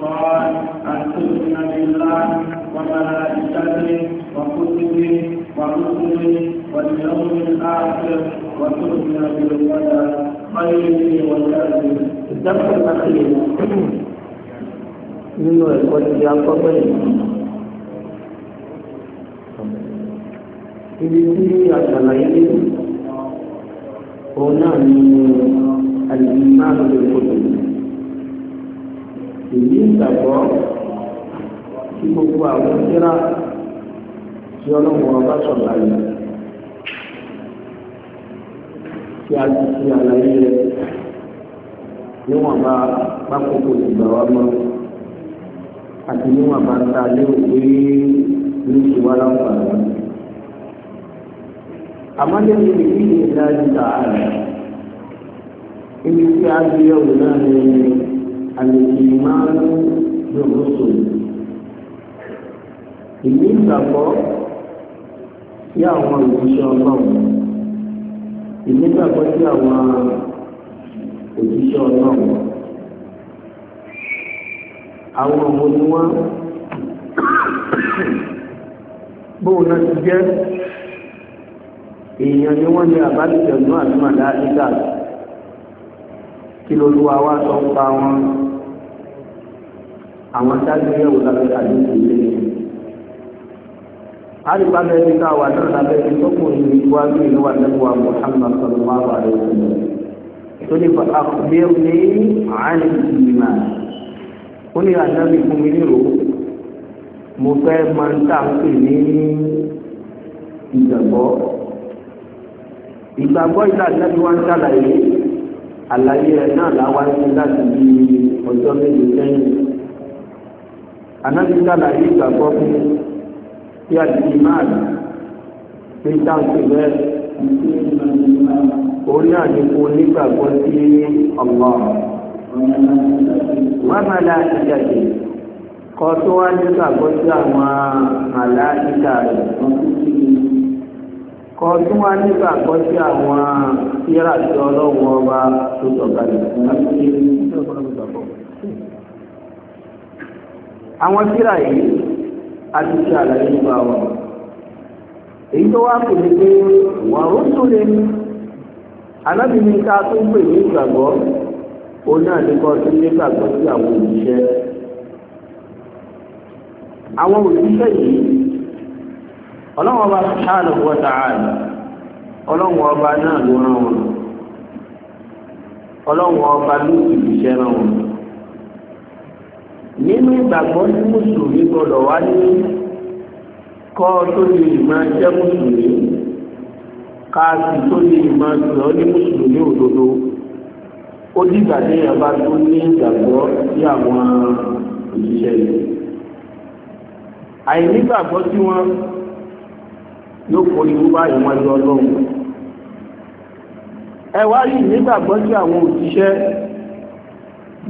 قال أن تؤمن بالله وملائكته وكتبه ورسله واليوم الآخر وتؤمن بالقدر خيره وشره الدرس الأخير nínú ẹ̀kọ́ ti akọ́gbẹ́ yìí ibi tí àṣàlàyé òun náà ni àlùmí máa ń lè kó lòdì èyí ìgbàgbọ́ tí gbogbo àwọn ìdíra tí ọlọ́run ọba sọ̀rọ̀ ayé tí a ti fi àlàyé rẹ̀ níwọ̀nba pákókò ìgbà wa mọ́ àti níwọ̀nba ta lé òwe ní ìwà láǹfààní. àmọ́ lẹ́yìn ìdílé ìdájí tààrà ibi tí a gbé yẹ̀wò náà ní alìsìmáàlú lòlóṣù ìlú ìgbàgbọ́ sí àwọn òjíṣẹ́ ọlọ́run ìlú ìgbàgbọ́ sí àwọn òjíṣẹ́ ọlọ́run àwọn ọmọ ni wọ́n bóun náà ti jẹ́ èèyàn ni wọ́n ní àbálẹ̀ ìjọ̀gbọ́n àti màdá ìgbàgbọ́ kí ló ló wá wá sọ pa wọn àwọn sáájú yẹ̀wò lábẹ́ àdúgbò ilé àdìpá bẹ́ẹ̀ ní káwà náà lábẹ́ ní tọkùnrin ní iwájú ìlú wa nẹ́bù wa Muhammad sallallahu alaihi wa sallam tó ní fa àkùbẹ́rù ní àárín ìgbìmọ̀ ó ní ànábì fún mi nírò mo fẹ́ máa ń tà ń pè ní ìgbàgbọ́ ìgbàgbọ́ ìlànà tí wọ́n ń ṣàlàyé àlàyé rẹ̀ náà láwáyé láti bí ọjọ́ méje sẹ́yìn anábì sàlàyé ìgbàgbọ́ fún tí a ti máa pé táǹkì bẹ́ẹ̀ orí àdínkù onígbàgbọ́ sí ọ̀gbọ́n wọ́n máa la ìjàdì kọ́ tó wá nígbàgbọ́ sí àwọn màláìka rẹ̀ kọ́ tó wá nígbàgbọ́ sí àwọn kíra àjọ ọlọ́wọ́ ọba tó sọ̀kalẹ̀ àwọn kíra yìí a ti ṣe àlàyé nípa wọn èyí tó wá kò ní pé wà ó tó lè ká tó pè ní ìgbàgbọ́ ó náà ní kọ́ tó ní gbàgbọ́ sí àwọn òṣìṣẹ́ àwọn òṣìṣẹ́ yìí ọlọ́wọ́ ọlọ́run ọba náà ló rán wọn ọlọ́run ọba ló sì fi ṣẹ́ rán wọn. nínú ìgbàgbọ́ ní mùsùlùmí gbọ́dọ̀ wá ní kọ́ tó lè máa jẹ́ mùsùlùmí ká sì tó lè máa sọ ní mùsùlùmí òdodo ó dìgbà tí ọba tó ní ìgbàgbọ́ sí àwọn òṣìṣẹ́ yìí. àìnígbàgbọ́ tí wọ́n yóò kó irú báyìí wọ́n lọ lọ́wọ́ ẹwà yìí nígbàgbọ́ sí àwọn òṣìṣẹ́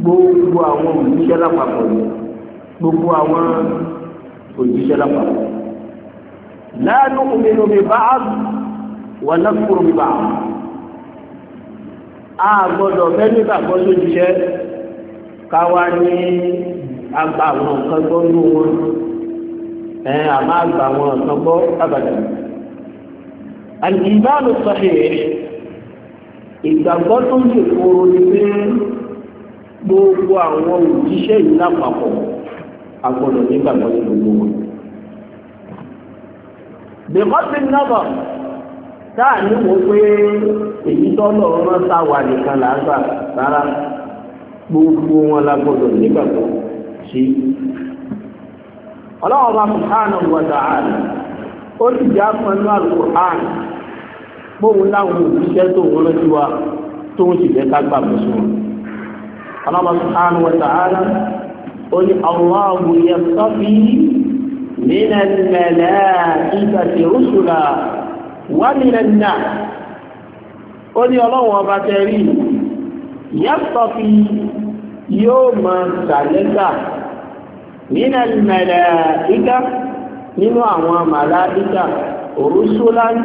gbogbo àwọn òṣìṣẹ́ lápapọ̀ ni gbogbo àwọn òṣìṣẹ́ lápapọ̀ láàánú òmìnira mi bá wà lẹ́kùnrin mi bá a gbọ́dọ̀ fẹ́ nígbàgbọ́ sójúṣẹ́ káwa ní agba àwọn nǹkan gbọ́ nínú wọn ẹ àmọ́ agba àwọn nǹkan gbọ́ abàdà. àlùbáàlù sọ̀rọ̀ ìgbàgbọ́ tó ń ṣe kóró ni pé gbogbo àwọn òjíṣẹ́ yìí lápapọ̀ a gbọ́dọ̀ nígbàgbọ́ ní gbogbo wọn. bẹ̀kọ́sí nọ́bọ̀ táà ní wo pé èyí tọ́lọ̀ rán sáwà nìkan là gbogbo wọn la nígbàgbọ́ sí. ọlọ́wọ́ bá ó sì já bóun láwọn òṣìṣẹ́ tó wọ́n lọ́jú wa tó ń sì fẹ́ ká gbàgbọ́ sí wọn. Allah subhanahu wa ta'ala ó ní Allahu yastafi min al-mala'ikati rusula wa minan nas. ó ní ọlọ́run ọba tẹ́rí yastafi yóò máa sàlẹ́gbà min al-mala'ika nínú àwọn màláíkà rusulan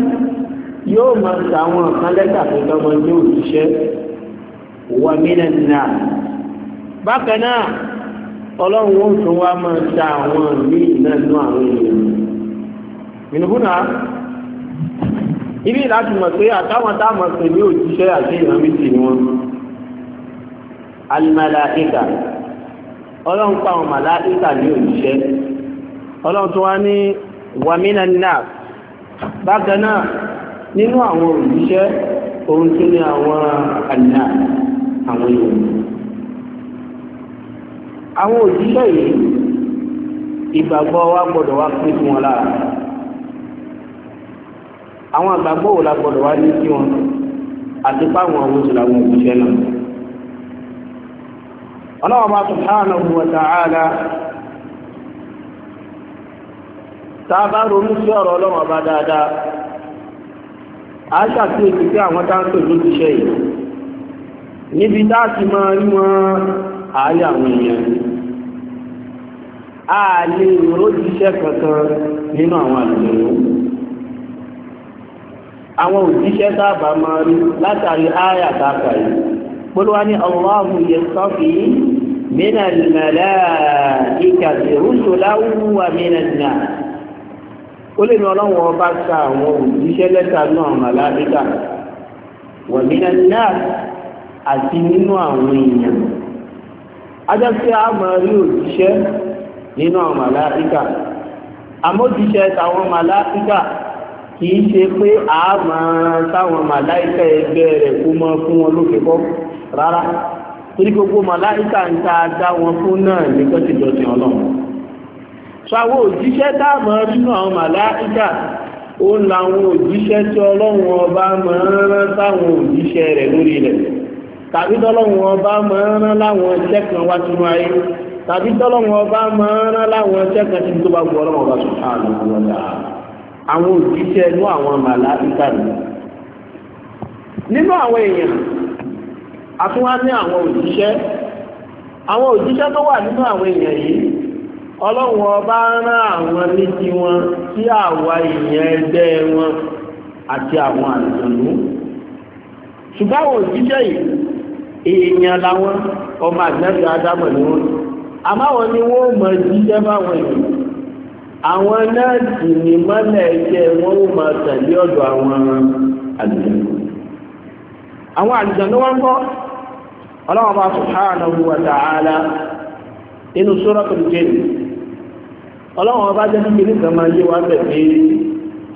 yóò máa ta àwọn kan lẹ́tà tó tọ́mọ ní òṣìṣẹ́ wà mínà náà bákan náà ọlọ́run ó tún wá máa ta àwọn míì náà nú àwọn èèyàn mìnìkúnà ibi láti mọ̀ pé àtàwọn táwọn pè ní òṣìṣẹ́ àti ìran méjì ni wọ́n alimalaika ọlọ́run pa àwọn ní òṣìṣẹ́ ọlọ́run tún wá ní wàmínà náà bákan náà nínú àwọn òṣìṣẹ́ ohun tó ní àwọn àná àwọn èèyàn àwọn òṣìṣẹ́ yìí ìgbàgbọ́ wa gbọ́dọ̀ wá pín fún wọn lára àwọn àgbàgbọ́ wo la gbọ́dọ̀ wá ní sí wọn àti fáwọn owó tó òṣìṣẹ́ náà a ronú sí ọ̀rọ̀ ọlọ́wọ́ bá a ṣàkíyèsí pé àwọn táńtò ló ti ṣe yìí níbi dáàtì máa rí wọn ààyè àwọn èèyàn ni a lè rò jíṣẹ́ kankan nínú àwọn àlùmọ́ àwọn òjíṣẹ́ sábà máa rí látàrí àyà tààkà yìí ní Allahu yastafi min ó lè ní ọlọ́run ọba ka àwọn òjíṣẹ́ lẹ́tà náà màláíkà wọ̀mínà náà àti nínú àwọn èèyàn ajá sí àmọ́ rí òjíṣẹ́ nínú àwọn màláíkà àmójíṣẹ́ tàwọn màláíkà kìí ṣe pé àmọ́ táwọn màláíkà ẹgbẹ́ rẹ̀ kó mọ́ fún wọn lókè kọ́ rárá torí gbogbo màláíkà ń ta dá wọn fún náà nígbà tí ọlọ́run so àwọn òjíṣẹ́ táàmù rínú àwọn màláìkà ó ń la àwọn òjíṣẹ́ tí ọlọ́run ọba máa ń rán sáwọn òjíṣẹ́ rẹ̀ lórí ilẹ̀ tàbí tọ́lọ́run ọba máa ń rán láwọn iṣẹ́ kan wá sínú ayé tàbí tọ́lọ́run ọba máa láwọn iṣẹ́ tí tó bá gbọ́ ọlọ́run ọba rán àwọn méjì wọn sí àwa èèyàn ẹgbẹ́ wọn àti àwọn àlùjọ̀nú ṣùgbọ́n òjíṣẹ́ yìí èèyàn làwọn ọmọ àgbẹ̀bẹ̀ adámọ̀ ni wọ́n àmọ́ ni wọ́n mọ̀ jíṣẹ́ báwọn yìí àwọn náà sì mọ́lẹ̀ ẹgbẹ́ wọn ó máa tẹ̀lé ọ̀dọ̀ àwọn àlùjọ̀nú àwọn àlùjọ̀nú wọn kọ́ ọlọ́run bá subhanahu wa ta'ala inú suratul jinn ọlọ́run ọba jẹ́ níbi nìkan máa yé wa bẹ̀ pé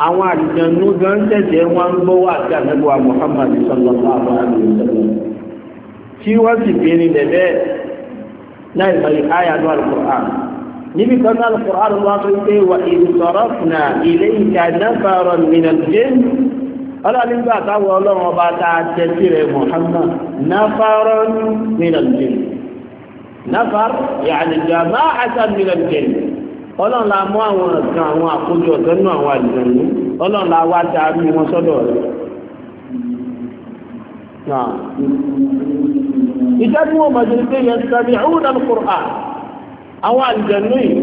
àwọn àjẹnú gan tẹ̀sẹ̀ wọn ń gbọ́ wà sí àtẹ́gbọ́ Muhammad sallallahu alaihi wasallam tí wọ́n sì fi ní bẹ̀bẹ̀ láì sọ̀rọ̀ àyà ní alukur'an níbi kan ní alukur'an wọn sọ pé wà ìsọ̀rọ̀fùnà ilé ìka náfàrọ̀ mìíràn ọlọ́nìgbà táwọn ọlọ́run ọba ta tẹ́sí rẹ̀ Muhammad náfàrọ̀ mìíràn jẹ́ náfàrọ̀ yàní jàmáà àtàmìíràn ọlọ́run la mú àwọn ọ̀sán àwọn àkójọ ọ̀sán nínú àwọn àlùjànnú ọlọ́run la wá darí wọn sọ́dọ̀ rẹ̀. ìjọ tí wọ́n mọ̀jọ́ pé yẹn sábẹ́ àwọn al-Qur'an àwọn àlùjànnú yìí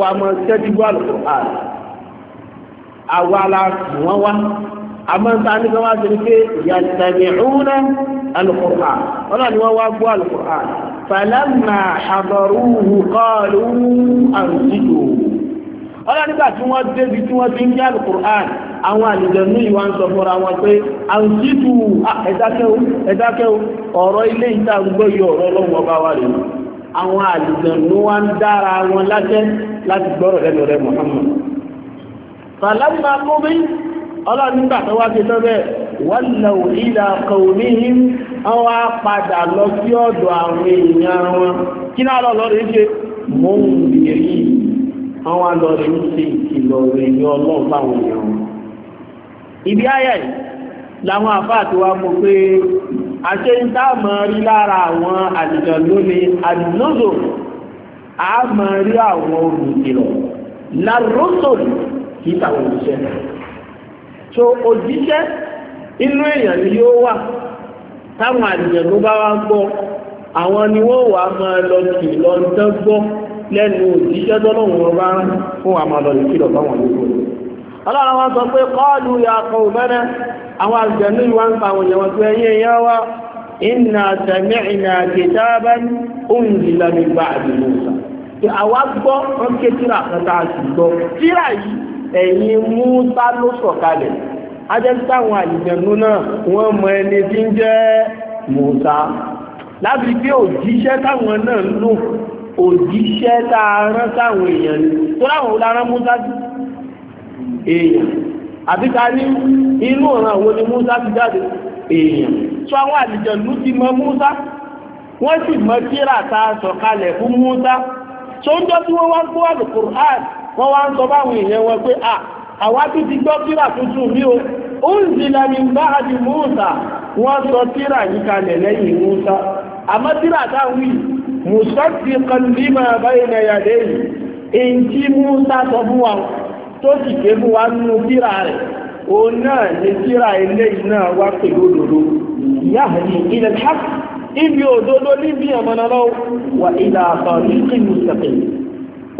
wà mọ sẹ́dí gbọ́ al-Qur'an àwa àmọ́ ta ní kí wá sí pé yẹn sábẹ́ القرآن ولا نواب القرآن فلما حضروه قالوا أنصتوا ولا نبقى تنوات دي تنوات إنجا القرآن àwọn àlìjẹ̀nú ìwà ń sọ fọ́ra wọn pé àǹsìtù ẹ̀dákẹ́wò ẹ̀dákẹ́wò ọ̀rọ̀ ilé ìta gbọ́ yọ ọ̀rọ̀ lọ́wọ́ bá àwọn àlìjẹ̀nú wa ń dára wọn lájẹ́ láti gbọ́rọ̀ wọ́lọ̀wò ìlà kọ̀ọ̀míhìn àwọn apadà lọ sí ọ̀dọ̀ àwọn èèyàn wọn kí náà lọ lọ́rẹ̀ ṣe mọ́ ń bèèrè àwọn alọ́rẹ̀ ń ṣe ìkìlọ̀ rẹ̀ ní ọlọ́run báwọn èèyàn ń dáàmọ́ rí lára àwọn àdìjọ lónìí àdìlódò a mọ̀ rí àwọn olùkìlọ̀ lárọ́sọ̀rì kí tàwọn òṣìṣẹ́ so òjíṣẹ́ inú èèyàn ni yóò wà táwọn àdìyànú bá wá gbọ́ àwọn ni wọ́n wà máa lọ sí lọ́ntán gbọ́ lẹ́nu òjíṣẹ́ tọ́lọ́wọ́n wọn fún wa máa lọ sí àwọn àdìyànú yìí tíra a tíra yìí mú sá ló ajẹ́sítà àwọn àlìjẹ̀nú náà wọ́n mọ ẹni tí ń jẹ́ Mùsá láti pé òjíṣẹ́ táwọn náà ń lò òjíṣẹ́ tá a rán sáwọn èèyàn ni tó láwọn ò lára Mùsá sí èèyàn àbí ta ní inú ọ̀ràn àwọn ni Mùsá ti jáde èèyàn tó àwọn àlìjẹ̀nú ti mọ Mùsá wọ́n sì mọ tírà tá a sọ̀kalẹ̀ fún Mùsá tó ń jọ́ tí wọ́n wá ń kó àlùkùránì wọ́n wá ń sọ báwọn èèyàn wọn pé à àwátú ti gbọ́ kíra tuntun ní o ó ń zìlà ní bá àti Mùsá wọ́n sọ kíra yìí kalẹ̀ lẹ́yìn àmọ́ kíra táwí kan báyìí na yìí èyí tí Mùsá sọ fún wa tó sì ké fún wa nínú kíra rẹ̀ òun náà ní kíra eléyìí náà wá ila al ibi òdodo níbi àmànàlọ́ wà ila tariqin mustaqim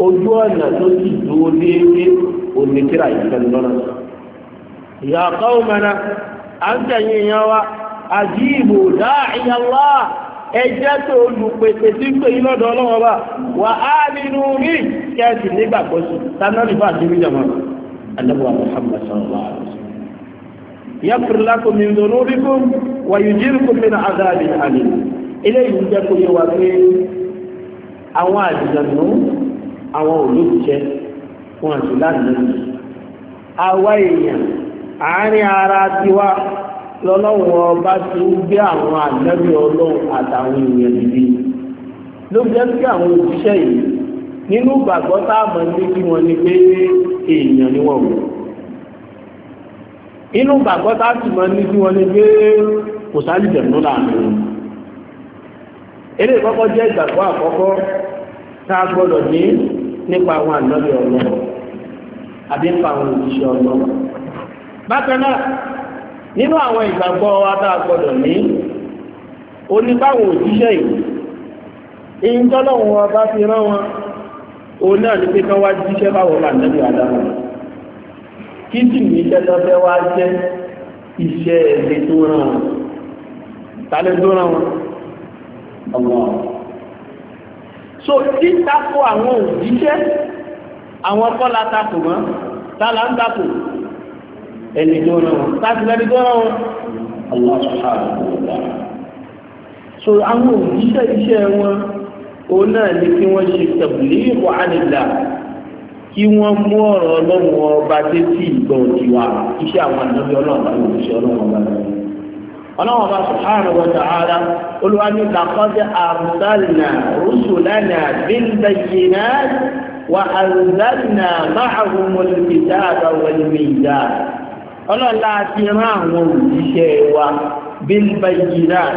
ojú ọ̀nà tó dúró déédéé onítìrà ìfẹ́ni lọ́nà ya qaumana àǹtẹ̀yìn èèyàn wa àjíìbò dáìyàlá ẹjẹ́ tó olùpèsè tí pé ilọ́dọ̀ ọlọ́wọ́ bá wà á nínú rí kẹ́ẹ̀sì nígbàgbọ́ sí tánàlì bá àdébí jàmọ́ anábọ̀ Muhammad sallallahu alaihi wasallam yaghfir lakum min dhunubikum wa yujirkum min adhabin alim eléyìí jẹ́ kó yẹ wá pé àwọn àdìjànú àwọn olóòjẹ́ wọn àti lánàá àwa èèyàn àárín ara wá lọ́lọ́wọ́ ọba ti ń gbé àwọn àlẹ́bí ọlọ́run àtàwọn èèyàn dìde ló jẹ́ sí àwọn òṣìṣẹ́ yìí nínú gbàgbọ́ tá a mọ̀ ní kí wọ́n ní pé èèyàn ni wọ́n wò inú gbàgbọ́ tá a sì mọ̀ ní kí wọ́n ní pé kò sáré jẹ̀mú láàrin wọn eré ìkọ́kọ́ jẹ́ ìgbàgbọ́ àkọ́kọ́ tá a gbọ́dọ̀ ní nípa àwọn ànábì ọlọ́run àbí nípa àwọn òṣìṣẹ́ ọlọ́run. bákan náà nínú àwọn ìgbàgbọ́ wa tá a ní oníbàwọn òṣìṣẹ́ yìí wọn bá fi rán wọn o náà ní pé wá jíṣẹ́ báwọn bá kí sì ní iṣẹ́ tó fẹ́ wá jẹ́ iṣẹ́ tó rán wọn tálẹ́ tó rán so títakò àwọn òjíṣẹ́ àwọn kọ́lá takò mọ́ tálà ń takò ẹni tó rán wọn láti lẹ́ni tó rán wọn Allah subhanahu wa ta'ala so àwọn òjíṣẹ́ iṣẹ́ wọn ó náà ní kí wọ́n ṣe tablighu anillah kí wọ́n mú ọ̀rọ̀ ọlọ́run ọba tẹ́tí ìgbọ̀n tiwa iṣẹ́ àwọn àdánwò ọlọ́run àti òṣìṣẹ́ ọlọ́run ọba náà ọlọ́wọ́n bá subhanahu wa ta'ala olúwa ní laqad arsalna rusulana bil bayyinat wa anzalna ma'ahumul kitaba wal mizan ọlọ́la ti rán àwọn òjíṣẹ́ wa bil bayyinat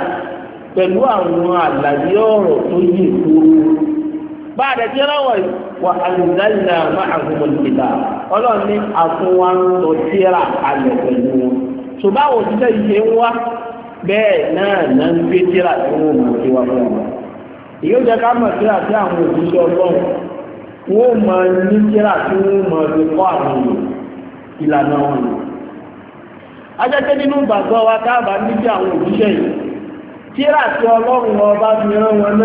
pẹ̀lú àwọn àlàyé ọ̀rọ̀ tó yí ìkúrú bá ọlọ́ni àtúnwá ń tíra kalẹ̀ pẹ̀lú wọn ṣùgbọ́n àwọn òjíṣẹ́ yìí ń wá bẹ́ẹ̀ náà na ń gbé tíra tí wọ́n mọ̀ sí wa fún ọmọ ìyóò jẹ́ ká mọ̀ tíra tí àwọn òṣìṣẹ́ wọ́n mọ̀ ní tíra tí wọ́n mọ̀ sí kọ́ àwọn ìlànà wọn ni nínú gbàgbọ́ wa káàbà àwọn òṣìṣẹ́ tíra tí ọlọ́run ọba fi wọn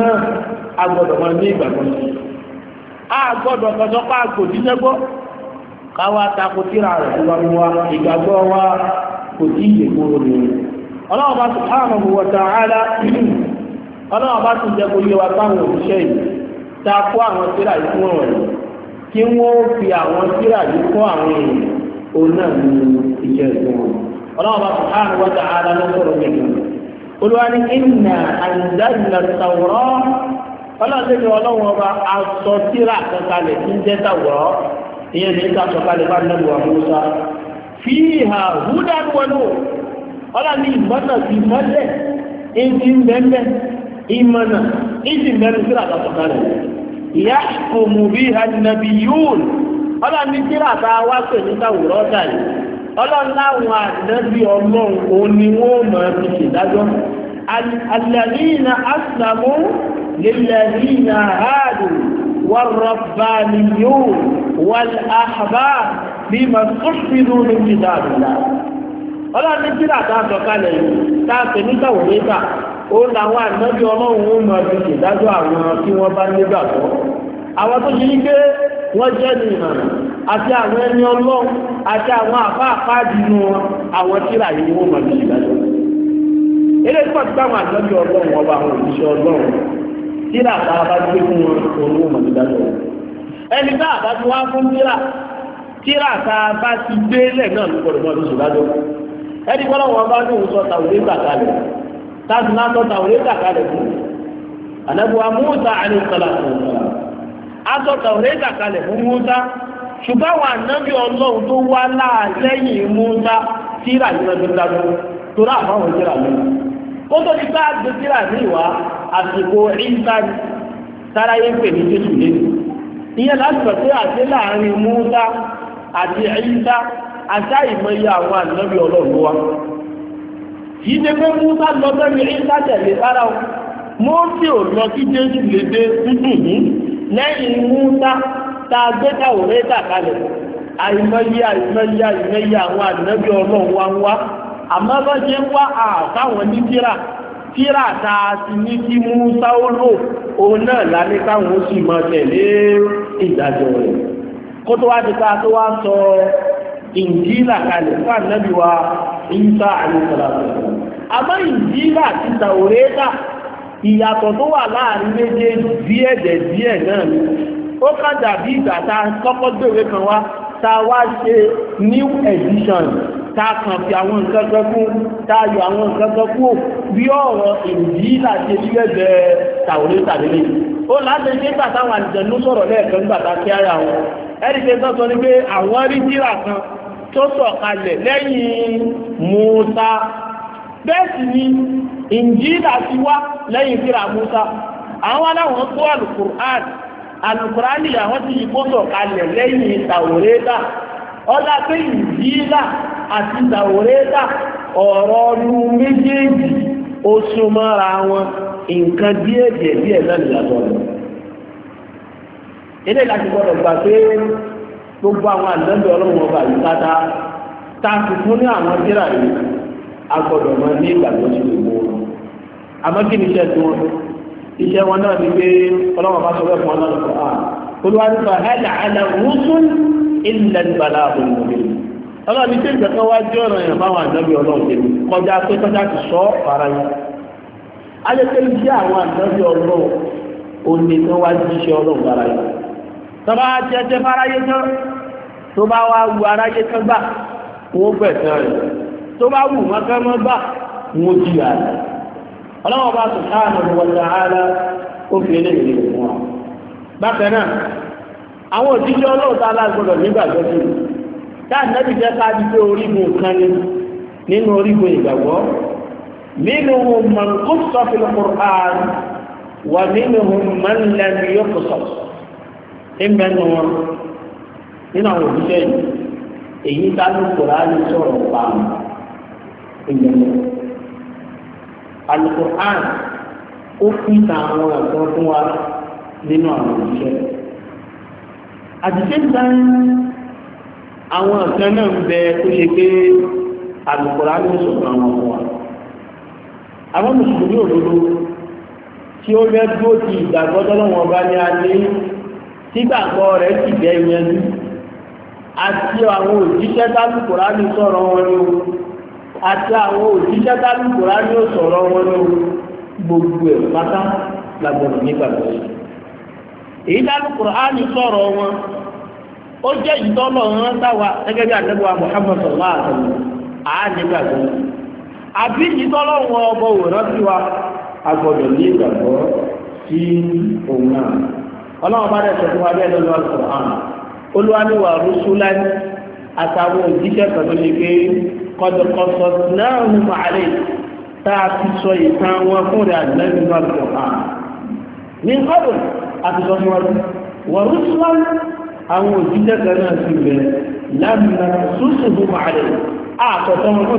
a ọlọ́run bá subhanahu wa ta'ala ọlọ́run bá ti jẹ́ kó yé wa táwọn òṣìṣẹ́ yìí ta kó àwọn tíra yìí fún ọ̀rẹ́ kí wọ́n fi àwọn tíra yìí kọ́ àwọn èèyàn òun náà ní iṣẹ́ ìfún wọn ọlọ́run bá subhanahu wa ta'ala ló sọ̀rọ̀ nìkan olúwa ní inna anzalna tawrọ́ ọlọ́ni ìmọ̀nà ti mọ́lẹ̀ ìdí mbẹ́mbẹ́ ìmọ̀nà ìdí mbẹ́mbẹ́ sí àtàkùnkan rẹ̀ ìyá ìkòmù bí hànàbí yóòn ọlọ́ni tí àtà wá pè ní sáwùrọ̀ ọ̀dà yìí ọlọ́láwọn ànábì ọlọ́run òun ni wọ́n mọ̀ ti ṣèdájọ́ ọlọ́run ní tíra tá a sọ kalẹ̀ yìí tá a pè ní tàwọ̀lẹ́gbà ó làwọn ànájọ ọlọ́run ó mọ ibi ìdájọ́ àwọn tí wọ́n bá nígbà tọ́ àwọn tó yí pé wọ́n jẹ́ ní ìmọ̀ràn àti àwọn ẹni ọlọ́run àti àwọn àfáàfáà dínú àwọn tíra yìí wọ́n mọ ibi ìdájọ́ eré tó ti bá àwọn ànájọ ọlọ́run ọba àwọn òṣìṣẹ́ ọlọ́run tíra tá a bá gbé fún wọn òun ó mọ ìdájọ́ ẹni tá a bá ti wá fún tíra a bá ti gbé lẹ̀ náà ló ẹni kọ́lọ́ wọn bá lóun sọ tàwùrẹ́ gbàkalẹ̀ táàbù náà sọ tàwùrẹ́ gbàkalẹ̀ fún anabuwa musa alayisala asọ tàwùrẹ́ gbàkalẹ̀ fún musa ṣùgbọ́n àwọn ànábì ọlọ́run tó wá láàlẹ́yìn musa tíra yìí lọ́dún dáadọ́ torí àbáwọn tíra mi ó tó ti sáà gbé tíra mi wá àsìkò ìgbà sára yẹn pè ní jésù lé ìyẹn láti pẹ̀lú àti láàrin musa àti ìgbà àṣà ìmọ̀ye àwọn ànábì ọlọ́run wa kìí ṣe pé musa lọ sẹ́mi ìsá tẹ̀lé sára o mọ́ọ́sì ò lọ kí jésù lè dé lẹ́yìn musa tá a gbé káwọ́ rẹ́ta kalẹ̀ àìmọ̀ye àìmọ̀ye àìmọ̀ye àwọn ànábì ọlọ́run wa ń wá àmọ́ bá ṣe ń wá àtàwọn ní tíra tíra ta ti ní kí musa ó lò òun náà lálé káwọn ó sì máa tẹ̀lé ìdájọ́ rẹ̀ kó tó wá ti ká tó wá sọ ìnjílà kalẹ̀ fún ànábì wa ìsá àlùsàlàsà àmọ́ ìnjílà àti tàwórẹ́tà ìyàtọ̀ tó wà láàrin méjèèjì díẹ̀ dẹ̀ díẹ̀ náà ni ó kàn dàbí ìgbà tá kan wá tá wá ṣe new edition tá a kàn fi àwọn nǹkan kan kún tá a yọ àwọn nǹkan kan kú bí ọ̀rọ̀ ìnjílà ṣe díẹ̀ tàwórẹ́tà lélẹ̀ ó láti a kí ara pé àwọn rí jíra kan tó sọ̀kalẹ̀ lẹ́yìn Musa bẹ́ẹ̀ sì ni Injila ti wá lẹ́yìn tírà Musa àwọn aláwọ̀n tó alukur'an alukur'an àwọn ti yí kó sọ̀kalẹ̀ lẹ́yìn Tàwórẹ́tà ọlá pé Injila àti Tàwórẹ́tà ọ̀rọ̀ ọdún méjèèjì ó súnmọ́ra wọn nǹkan díẹ̀ náà gbogbo àwọn àdánù ọlọ́run ọba yìí pátá tá a ti fún ní àwọn tíra yìí a gbọ́dọ̀ máa ní ìgbàgbọ́ sí gbogbo wọn àmọ́ kí ni iṣẹ́ tí wọn iṣẹ́ wọn náà ni pé ọlọ́run ọba sọ fún ọlọ́run kọ́ à olùwàdìfà hẹ́lẹ̀ àlẹ́ rúṣùn ilẹ̀ ìbàlá àbòmọ̀lẹ́ ọlọ́run ní sèǹtẹ̀ kan wá jẹ́ ọ̀ràn yẹn báwọn àdánù ọlọ́run tẹ̀lé kọjá pé kọjá ti sọ tó bá wá wu aráyé kán gbà wọ́n gbẹ̀sán rẹ̀ tó bá wù wọ́n kán mọ́ gbà wọ́n jìyà rẹ̀ ọlọ́wọ́ bá subhanahu wa ta'ala ó fi eléyìí rẹ̀ fún wa bákan náà àwọn òjíṣẹ́ ọlọ́ọ̀ta alágbọ́dọ̀ nígbàgbọ́ sí i táà nẹ́bí jẹ́ ká di pé orígun kan ni nínú orígun ìgbàgbọ́ منهم من قص في القرآن ومنهم من لم يقصص إما نور nínú àwọn òṣìṣẹ́ yìí èyí dájú kòránì sọ̀rọ̀ pàmò ìgbẹ̀mọ̀ alukur'an ó fi àwọn ẹ̀kọ́ fún wa nínú àwọn òṣìṣẹ́ àṣìṣe ń tán àwọn ọ̀sán náà ń bẹ tó ṣe pé alukur'an ń sọ̀rọ̀ àwọn ọmọ wa àwọn mùsùlùmí òdodo tí ó rẹ́ dúró ti ìgbàgbọ́ tọ́lọ́wọ́n bá ní alẹ́ nígbàgbọ́ rẹ̀ sì bẹ́ yẹn àti àwọn òjíṣẹ́ tálùkùrá ní sọ̀rọ̀ wọn ní o àti àwọn òjíṣẹ́ tálùkùrá ní sọ̀rọ̀ wọn ní o gbogbo ẹ̀ pátá làgbọ̀nà nígbàgbọ́ yìí èyí tálùkùrá ní sọ̀rọ̀ wọn ó jẹ́ ìtọ́lọ̀ wọn táwa gẹ́gẹ́ bí àtẹ́gbọ́ Muhammad sallallahu àbí ìtọ́lọ̀ wọn ọbọ̀ wa agbọ́dọ̀ nígbàgbọ́ sí òun náà ọlọ́run bá dẹ̀ sọ fún wa bẹ́ẹ̀ lọ́lọ́ olúwaníwà rúṣúláì àtàwọn òjíṣẹ́ kan tó ṣe pé kọ̀dọ̀kọ̀sọ̀ náà ń fàálẹ̀ tá a ti sọ ìtàn wọn fún rẹ̀ àdìlẹ́bí náà lọ hàn ní kọ́dọ̀ àti sọ fún wọn wà rúṣúláì àwọn òjíṣẹ́ kan náà ti bẹ̀ lámìnà ṣúṣùbù fàálẹ̀ àkọ́tọ́ wọn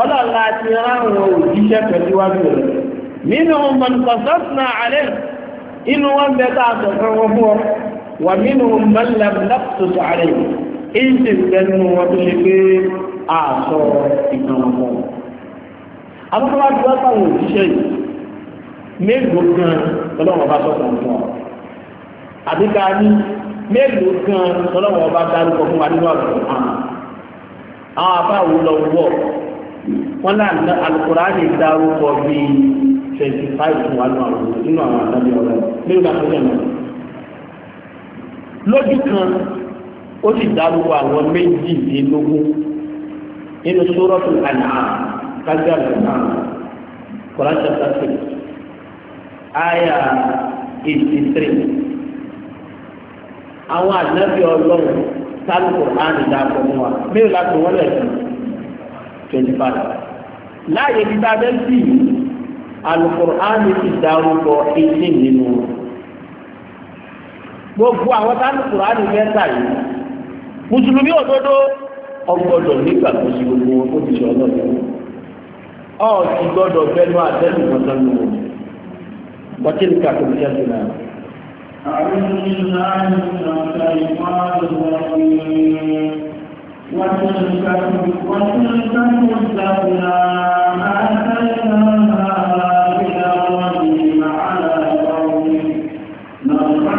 ọlọ́la ti ráhùn òjíṣẹ́ pẹ̀lú wájú rẹ̀ nínú mọ̀nkọ̀sọ́sùnà alẹ́ inú wọn bẹ tá a sọ fún wọn fún ọ wà nínú mọ̀lẹ́m lọ́pùtù alẹ́ èyí sì bẹ nínú wọn tó ṣe pé a sọ bá dárúkọ fún wa nínú àgbọ̀n àwọn àbáwo lọ wọ̀ wọ́n náà alukurani dárúkọ bíi twenty five wà nù àwọn nínú àwọn àtàbí ọ̀rẹ́ nínú àwọn àtàbí ọ̀rẹ́ lójú kan ó sì dárúkọ àwọn méjìdínlógún nínú sórọ́tù An'am kájá lọ́nà Quran chapter six aya eighty three àwọn àtàbí ọlọ́run sálùkù àná dàpọ̀ mọ́ wa mélòó la tó wọ́n lẹ̀ sùn twenty five láàyè títa bẹ́ẹ̀ sì Al-Qur'an ti dárúkọ eighteen nínú gbogbo àwọn táwọn Al-Qur'an mẹ́ta yìí mùsùlùmí òdodo ọgbọ́dọ̀ nígbà tó ṣe gbogbo wọn kó ti ṣe Ọlọ́run ọ ti gbọ́dọ̀ bẹnu àtẹnu kankan nù wọn bọtí nìkan tó ń ṣe sí náà. أعوذ بالله من الشيطان الرجيم وتلك الزبنا آتيناها إلى رجيم على قوم نرفع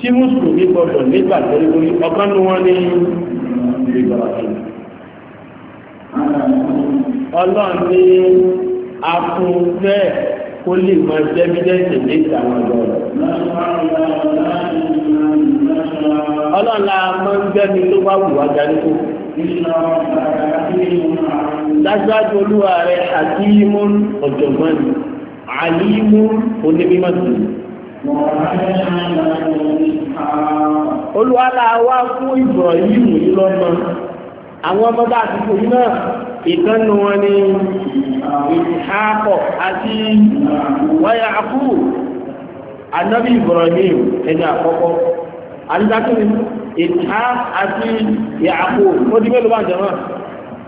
tí mùsùlùmí gbọdọ̀ nígbà tẹ́lẹ̀ lórí ọkàn ní wọ́n ní ìgbàlódé. ọlọ́run ní afún bẹ́ẹ̀ kó lè máa jẹ́ mílíọ̀nù méjì àwọn ọ̀dọ́. ọlọ́run la máa ń gbẹ́ni tó bá wù wá jáde kó. dájúdájú olúwa rẹ̀ àti ìmú ọ̀jọ̀gbọ́n ni àlímú onímọ̀ sí i olùwàlà wa fún ìbọ̀ yìí mú ní lọ́mọ àwọn ọmọ bá ti fòyí náà ìkánu wọn ni ìhàkọ̀ àti wáyà àkú anábì Ibrahim ẹni àkọ́kọ́ àdídákùnrin ìhà àti ìhàkọ̀ ó di mélòó bá jẹ́ náà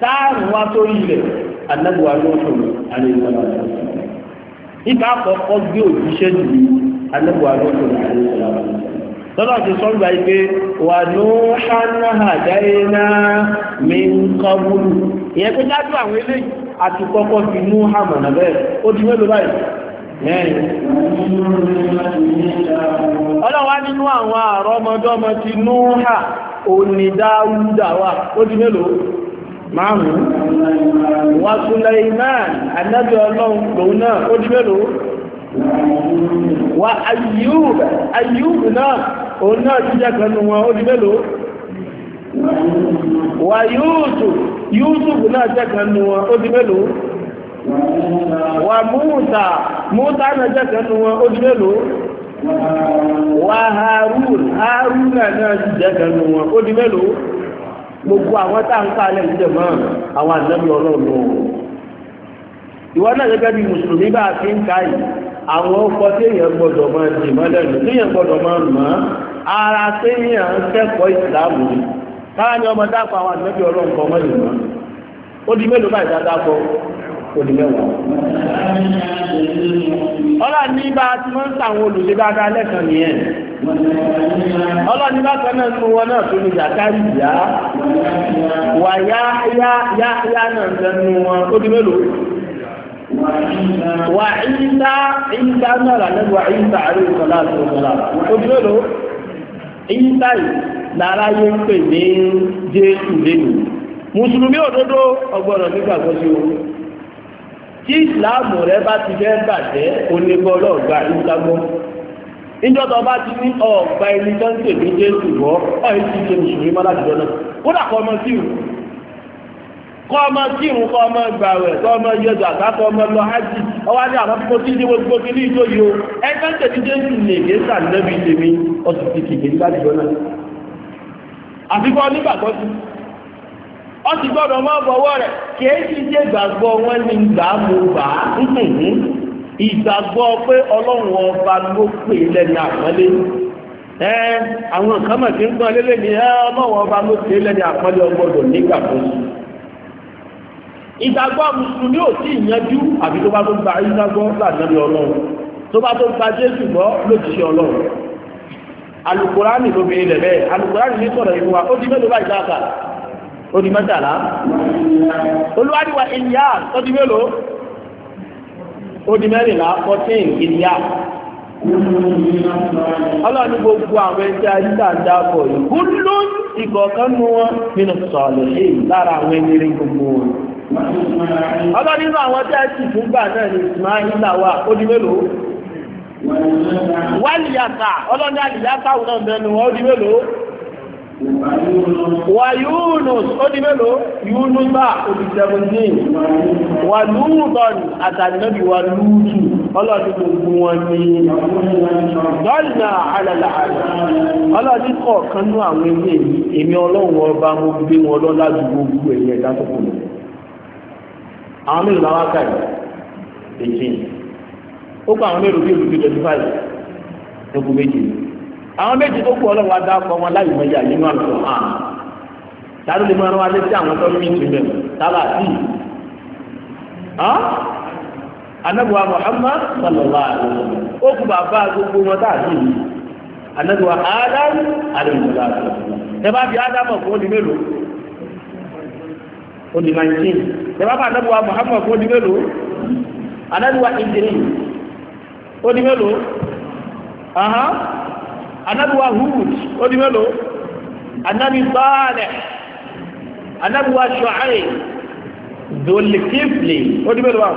táàrùn wá sórí ilẹ̀ alágbèwà lóṣùn àríwọ̀lá nípa àkọ́kọ́ gbé òjíṣẹ́ jùlọ alágbèwà lóṣùn àríwọ̀lá lọ́dọ̀ ti sọ́rọ̀ báyìí pé wà ní ṣánáhà jáyé náà mi ń kọbúrú ìyẹn pé dájú àwọn ilé àti kọ́kọ́ fi mú bẹ́ẹ̀ ó ti mélòó báyìí ọlọ́wà nínú àwọn àrọ́mọdọ́mọ ti ó ti mélòó márùn-ún wa Sulaiman anábì ọlọ́run lòun náà ó wa na náà òun náà ti jẹ́ wọn ó wa Yusuf náà jẹ́ wọn ó wa Musa Musa náà jẹ́ wọn ó wa Harun Harun náà jẹ́ kanú wọn ó gbogbo àwọn tá à ń kálẹ̀ ìjẹ̀ mọ́ àwọn ànábì ọlọ́run o ìwọ náà gẹ́gẹ́ bí mùsùlùmí bá a fi ń ka yìí àwọn ọkọ téèyàn gbọdọ̀ máa máa ara ń kẹ́kọ̀ọ́ ìsìláàmù ni ọmọ dápọ̀ àwọn ànábì ọlọ́run kọ́ mọ́ olùmẹ́wàá. bá ti máa ń sàwọn olùṣe dáadáa lẹ́sàn nìyẹn ọlọ́run bá sọ náà nínú wọn náà tó ní zakari yá wà yá yá yá yá náà ń tẹnu wọn ó mélòó wà ìyíta ìyíta náà là ìyíta tí ìsìláàmù rẹ bá ti fẹ́ bàjẹ́ onígbọ́lọ́ ọ̀gbà ìsàgbọ́ bá ti ní ọ̀gbà ẹni tó ń tèmi jésù bọ́ ti ṣe mùsùlùmí má láti jọ náà kódà kọ́ ọmọ sí ọmọ sí ìrù kọ́ ọmọ lọ ọwọ́ ní àwọn ní gbogbo ní o tèmi wọ́n ti gbọ́dọ̀ mọ́ bọ̀wọ́ rẹ̀ kìí sì ṣe ìgbàgbọ́ wọn ní gbà mú bá ìgbàgbọ́ pé ọlọ́run ọba ló pè lẹ́ni àpọ́lé ẹ àwọn kan mọ̀ sí ń gbọ́n lélẹ̀ ní ẹ ọlọ́run ọba ló pè lẹ́ni àpọ́lé ọgbọ́dọ̀ nígbàgbọ́ ìgbàgbọ́ mùsùlùmí ò tí ìyanjú àbí tó bá tó gba ìgbàgbọ́ lànàbí ọlọ́run tó bá tó gba jésù gbọ́ ló ti ṣe ọlọ́run alukurani ló bèèrè bẹ́ẹ̀ alukurani ní sọ̀rọ̀ ìwà ó di mélòó báyìí dáadáa ó di mẹ́tàlá olúwàdíwà ìyá ó mélòó mẹ́rìnlá 14 ìyá ọlọ́ni gbogbo àwọn ẹgbẹ́ àyíká dábọ̀ ìgbónú ìgbọ̀kan wọn nínú sọ̀rọ̀ èyí lára àwọn ẹnìrìn gbogbo wọn ọlọ́ni nínú àwọn tẹ́ ti fúngbà náà ní wa ó di mélòó wálìyàtà ọlọ́ni àlìyàtà òun wà yúnus ó di mélòó yúnus bá òbí 17 wà lúùtọ̀n àtàlẹ́bí wà lúùtù gbogbo wọn ni dọ́lìnà alàlà àrẹ ọlọ́dí kọ̀ọ̀kan ní àwọn ilé èmi ọlọ́run ọba mo gbé wọn lọ́lá ju gbogbo ẹ̀yẹ ẹ̀dá tó kù àwọn mélòó la wá kàì èjì ó kọ àwọn mélòó bí 25 ẹgbù méjì àwọn méjì tó kú ọlọ́wọ́ adáàpọ̀ wọn láì mọ̀ yà nínú àlùkò hàn tàbí lè máa rán alẹ́ sí àwọn tó ní ìtumẹ̀ tàbí àti anabuwa Muhammad sallallahu alaihi wa sallam ó kú bàbá gbogbo wọn tàbí yìí anabuwa Adam alaihi wa sallam ẹ bá fi Adam ọ̀pọ̀ ó di mélòó ó di 19 ẹ bá bá anabuwa Muhammad ó di mélòó anabuwa Idris ó di mélòó anábíwá Hud ó di mélòó anábí Salih anábíwá Shu'aib Dhul-Kifli ó di mélòó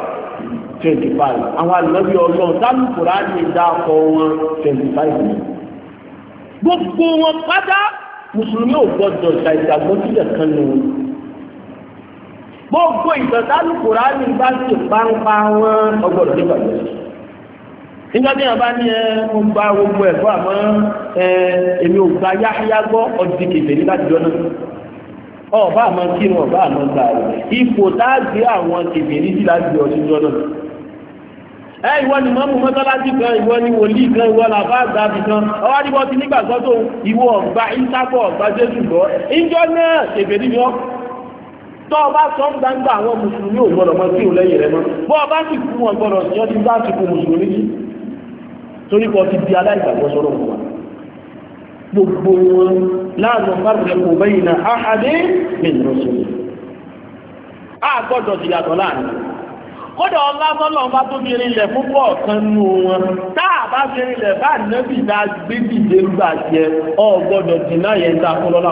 twenty five àwọn àlùmọ́bí ọlọ́run sáàmù kùránì dákọ̀ wọn twenty five ni gbogbo wọn pátá mùsùlùmí ò gbọdọ̀ ṣàìsàgbọ́ sílẹ̀ kan nù gbogbo ìtàn sáàmù kùránì bá ti pàǹpà wọn ọgbọ̀dọ̀ nígbàgbọ́ sí i nígbà tí yàrá ní ẹ mo gba gbogbo ẹ̀ fún àmọ́ ẹ èmi ò gba yáyá gbọ́ ọdí kèfè nígbà tí jọ náà ọba àmọ́ kí ni ọba àmọ́ gbà rẹ̀ ipò táàgbé àwọn kèfè níjì láti ọdún jọ náà ẹ ìwọ ni mọ́mú mọ́sálásí kan ìwọ ni wòlíì kan ìwọ làbá àgbà bì kan ọwọ́ níbo ti nígbàgbọ́ tó ìwọ ọ̀gbà ìsápọ̀ ọ̀gbà jésù gbọ́ ìjọ náà kèfè níbi tọ́ ọba sọ ń gbangba àwọn mùsùlùmí ò gbọ́dọ̀ mọ́ sí òlẹ́yìn rẹ mọ́ bọ́ ọba sì kú wọn gbọ́dọ̀ sí ọdún bá ti kú mùsùlùmí yìí torí kọ́ ti di aláìgbàgbọ́ sọ́rọ̀ wọn gbogbo wọn láàánú fárẹ̀ kò bẹ́yìn na áhàdé mìíràn sọ́rọ̀ a gbọ́dọ̀ ti yàtọ̀ láàrin kódà ọlá sọ́lọ̀ bá tó fi rinlẹ̀ púpọ̀ kan nú wọn táà bá fi rinlẹ̀ bá nẹ́bì gbé dìde gbà jẹ ọ gbọ́dọ̀ yẹn dá fún lọ́lá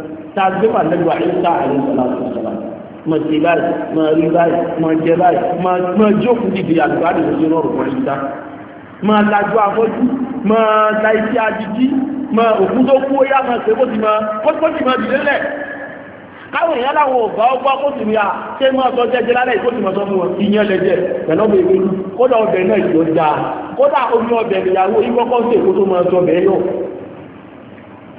tá a gbé wà lẹ́gbàá ẹ̀ka àìsàn àti ìṣẹ̀lá mọ̀ sí báyìí mọ̀ rí báyìí mọ̀ jẹ báyìí mọ̀ jókòó dìde àgbà àdìsí rọrùn mọ̀ ìta mọ̀ lajú afọ́jú mọ̀ ta iṣẹ́ adidi mọ̀ òkú tó kú ó yá mọ̀ pé kó ti mọ̀ kó ti mọ̀ dìde lẹ̀ káwọn èèyàn láwọn ọ̀gá ọgbà kó sì ríà ṣé mọ́ ọ̀sọ́ jẹ́jẹ́ lálẹ́ ìkó sì mọ́ sọ fún wọn ìyẹn lẹ́jẹ̀ pẹ̀lú ọbẹ̀ ìwé kódà ọbẹ̀ náà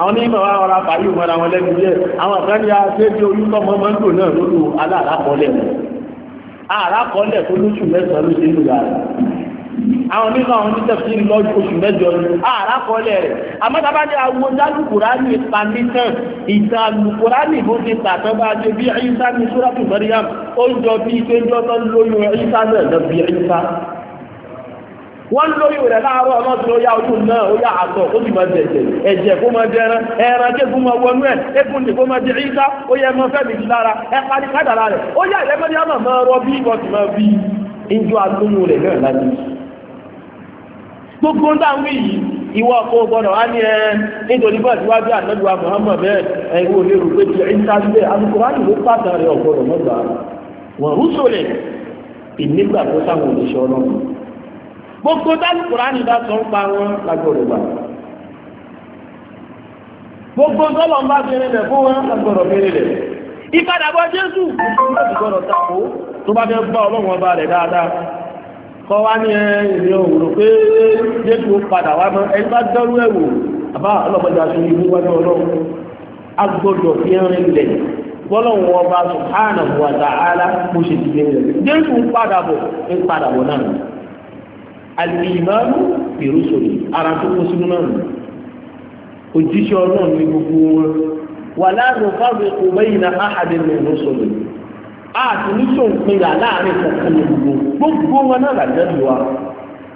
àwọn onímọ̀ wa ọ̀rọ̀ àbáyé wọn àwọn lẹ́nu yẹ àwọn kan ní aṣẹ́jú orúkọ mọ́mọ́ńdò náà lólu aláàlákọọ́lẹ̀ aláàlákọọ́lẹ̀ tó lóṣù mẹ́sàn-án ló ṣe lùgbà rẹ̀ àwọn onímọ̀ àwọn oníṣẹ́ fi ń lọ oṣù mẹ́jọ ni aláàlákọọ́lẹ̀ rẹ̀ amọ́tàbá ní àwọn jálùkùránì pàmítàn ìtàn àlùkùránì bó ti tàtọ́ bá ṣe bí ẹ̀yíṣà ní súrọ́tù mẹ́ríyàm ó ń jọ bí ìpéjọ́ tó ń lóyún ẹ̀yíṣà náà lọ bí ẹ̀yíṣà wọ́n lórí rẹ̀ láàárọ̀ ọlọ́sìn ó yá ojú náà ó yá àtọ̀ ó sì máa jẹ̀jẹ̀ ẹ̀jẹ̀ kó máa ma ẹran tí egun máa wọnú ẹ̀ egun nìkó máa jẹ ìdá ó yẹ fẹ́ mi lára rẹ̀ ó yá ní máa rọ bí sì máa bí rẹ̀ náà gbogbo ń dáhùn yìí ìwọ ọkọ wá ní ẹ nítorí bá gbogbo táwọn kùránì bá sọ ń pa wọn lágbọ̀rọ̀ gbà gbogbo tọ́lọ̀ ń bá fẹ́rẹ̀ rẹ̀ fún wọn lágbọ̀rọ̀ fẹ́rẹ̀ rẹ̀ ìpadàbọ̀ jésù gbọ́dọ̀ tako tó bá fẹ́ gbọ́ ọlọ́run ọba rẹ̀ dáadáa kọ́ wá ní ẹ̀rìn òwúrò pé jésù padà wá mọ́ ẹni bá dọ́rú ẹ̀wò àbá ọlọ́pàá aṣọ ìlú wájú ọlọ́run agbọ́dọ̀ fi rìn lẹ̀ bọ́lọ́run ọba subhanahu wa ta'ala mo ṣe ti jésù padàbọ̀ ń padàbọ̀ náà alìmọ́nù pèrúsòlì ara tó kó sínú náà nù òjíṣẹ́ ọlọ́run ní gbogbo wọn wà láàrin fáwọn kò bẹ́yìn náà áhàdé ní ìrúsòlì àti níṣòwò pinya láàrin kankan ní gbogbo gbogbo wọn náà làjẹ́bí wa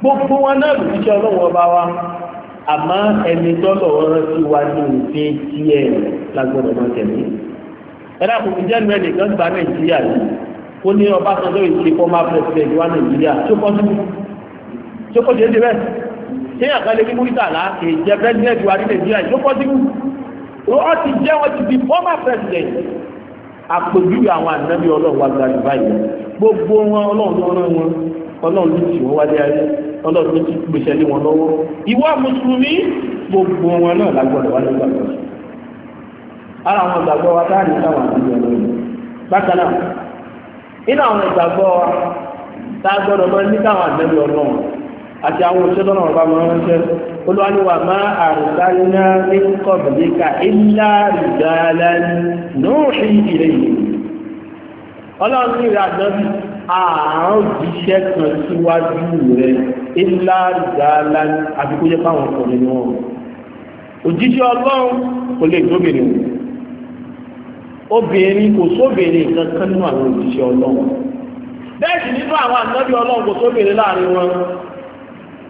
gbogbo wọn náà lòjíṣẹ́ ọlọ́run ọba wa àmọ́ ẹni tọ́lọ̀ ọ̀rọ̀ ti wá ní òfin tiẹ̀ lágbọ́dọ̀ máa tẹ̀lé ẹ̀rọ àkùnrin jẹ́ nu ẹnìkan gba nàìjíríà yìí ó ní ọbásanjọ́ ìṣe fọ́mà pẹ̀sìdẹ̀ntì wa nàìjíríà tó pọ́sibú tí ó kọ́ jẹ́ bẹ́ẹ̀ tí èèyàn kan lè ní múrítàlá kì í jẹ́ president wa ní nàìjíríà yóò kọ́ sí wù ó ti jẹ́ wọn ti di former president àpèjúwe àwọn ànábì ọlọ́run wa gba ìgbà yìí gbogbo wọn ọlọ́run ló rán wọn ọlọ́run ló ti wọ́n wálé ayé ọlọ́run ló ti gbèsè lé wọn lọ́wọ́ ìwọ mùsùlùmí gbogbo wọn náà lágbọ́dọ̀ wálé gbàgbọ́ ara àwọn ìgbàgbọ́ wa táà ní sáwọn ọlọ́run bákan náà nínú àwọn ìgbàgbọ́ wa táà gbọ́dọ̀ mọ́ ní sáwọn ànábì ọlọ́run àti àwọn òṣèlọ́nà ọba mọ́ ránṣẹ́ olúwàníwà máa àrùsáyíná ní kọ̀bìlíkà ilá ìdáyàlá nóòṣì ìrẹ́ ọlọ́run ìrẹ́ àdọ́bí ààrùn òjíṣẹ́ kan síwájú rẹ̀ ilá ìdáyàlá àbíkójẹ́ fáwọn ọkùnrin wọn òjíṣẹ́ ọlọ́run kò lè gbóbìnrin obìnrin kò sóbìnrin kankan nínú àwọn òjíṣẹ́ ọlọ́run bẹ́ẹ̀ sì nínú àwọn àdọ́bí ọlọ́run kò sóbìnrin láàrin wọn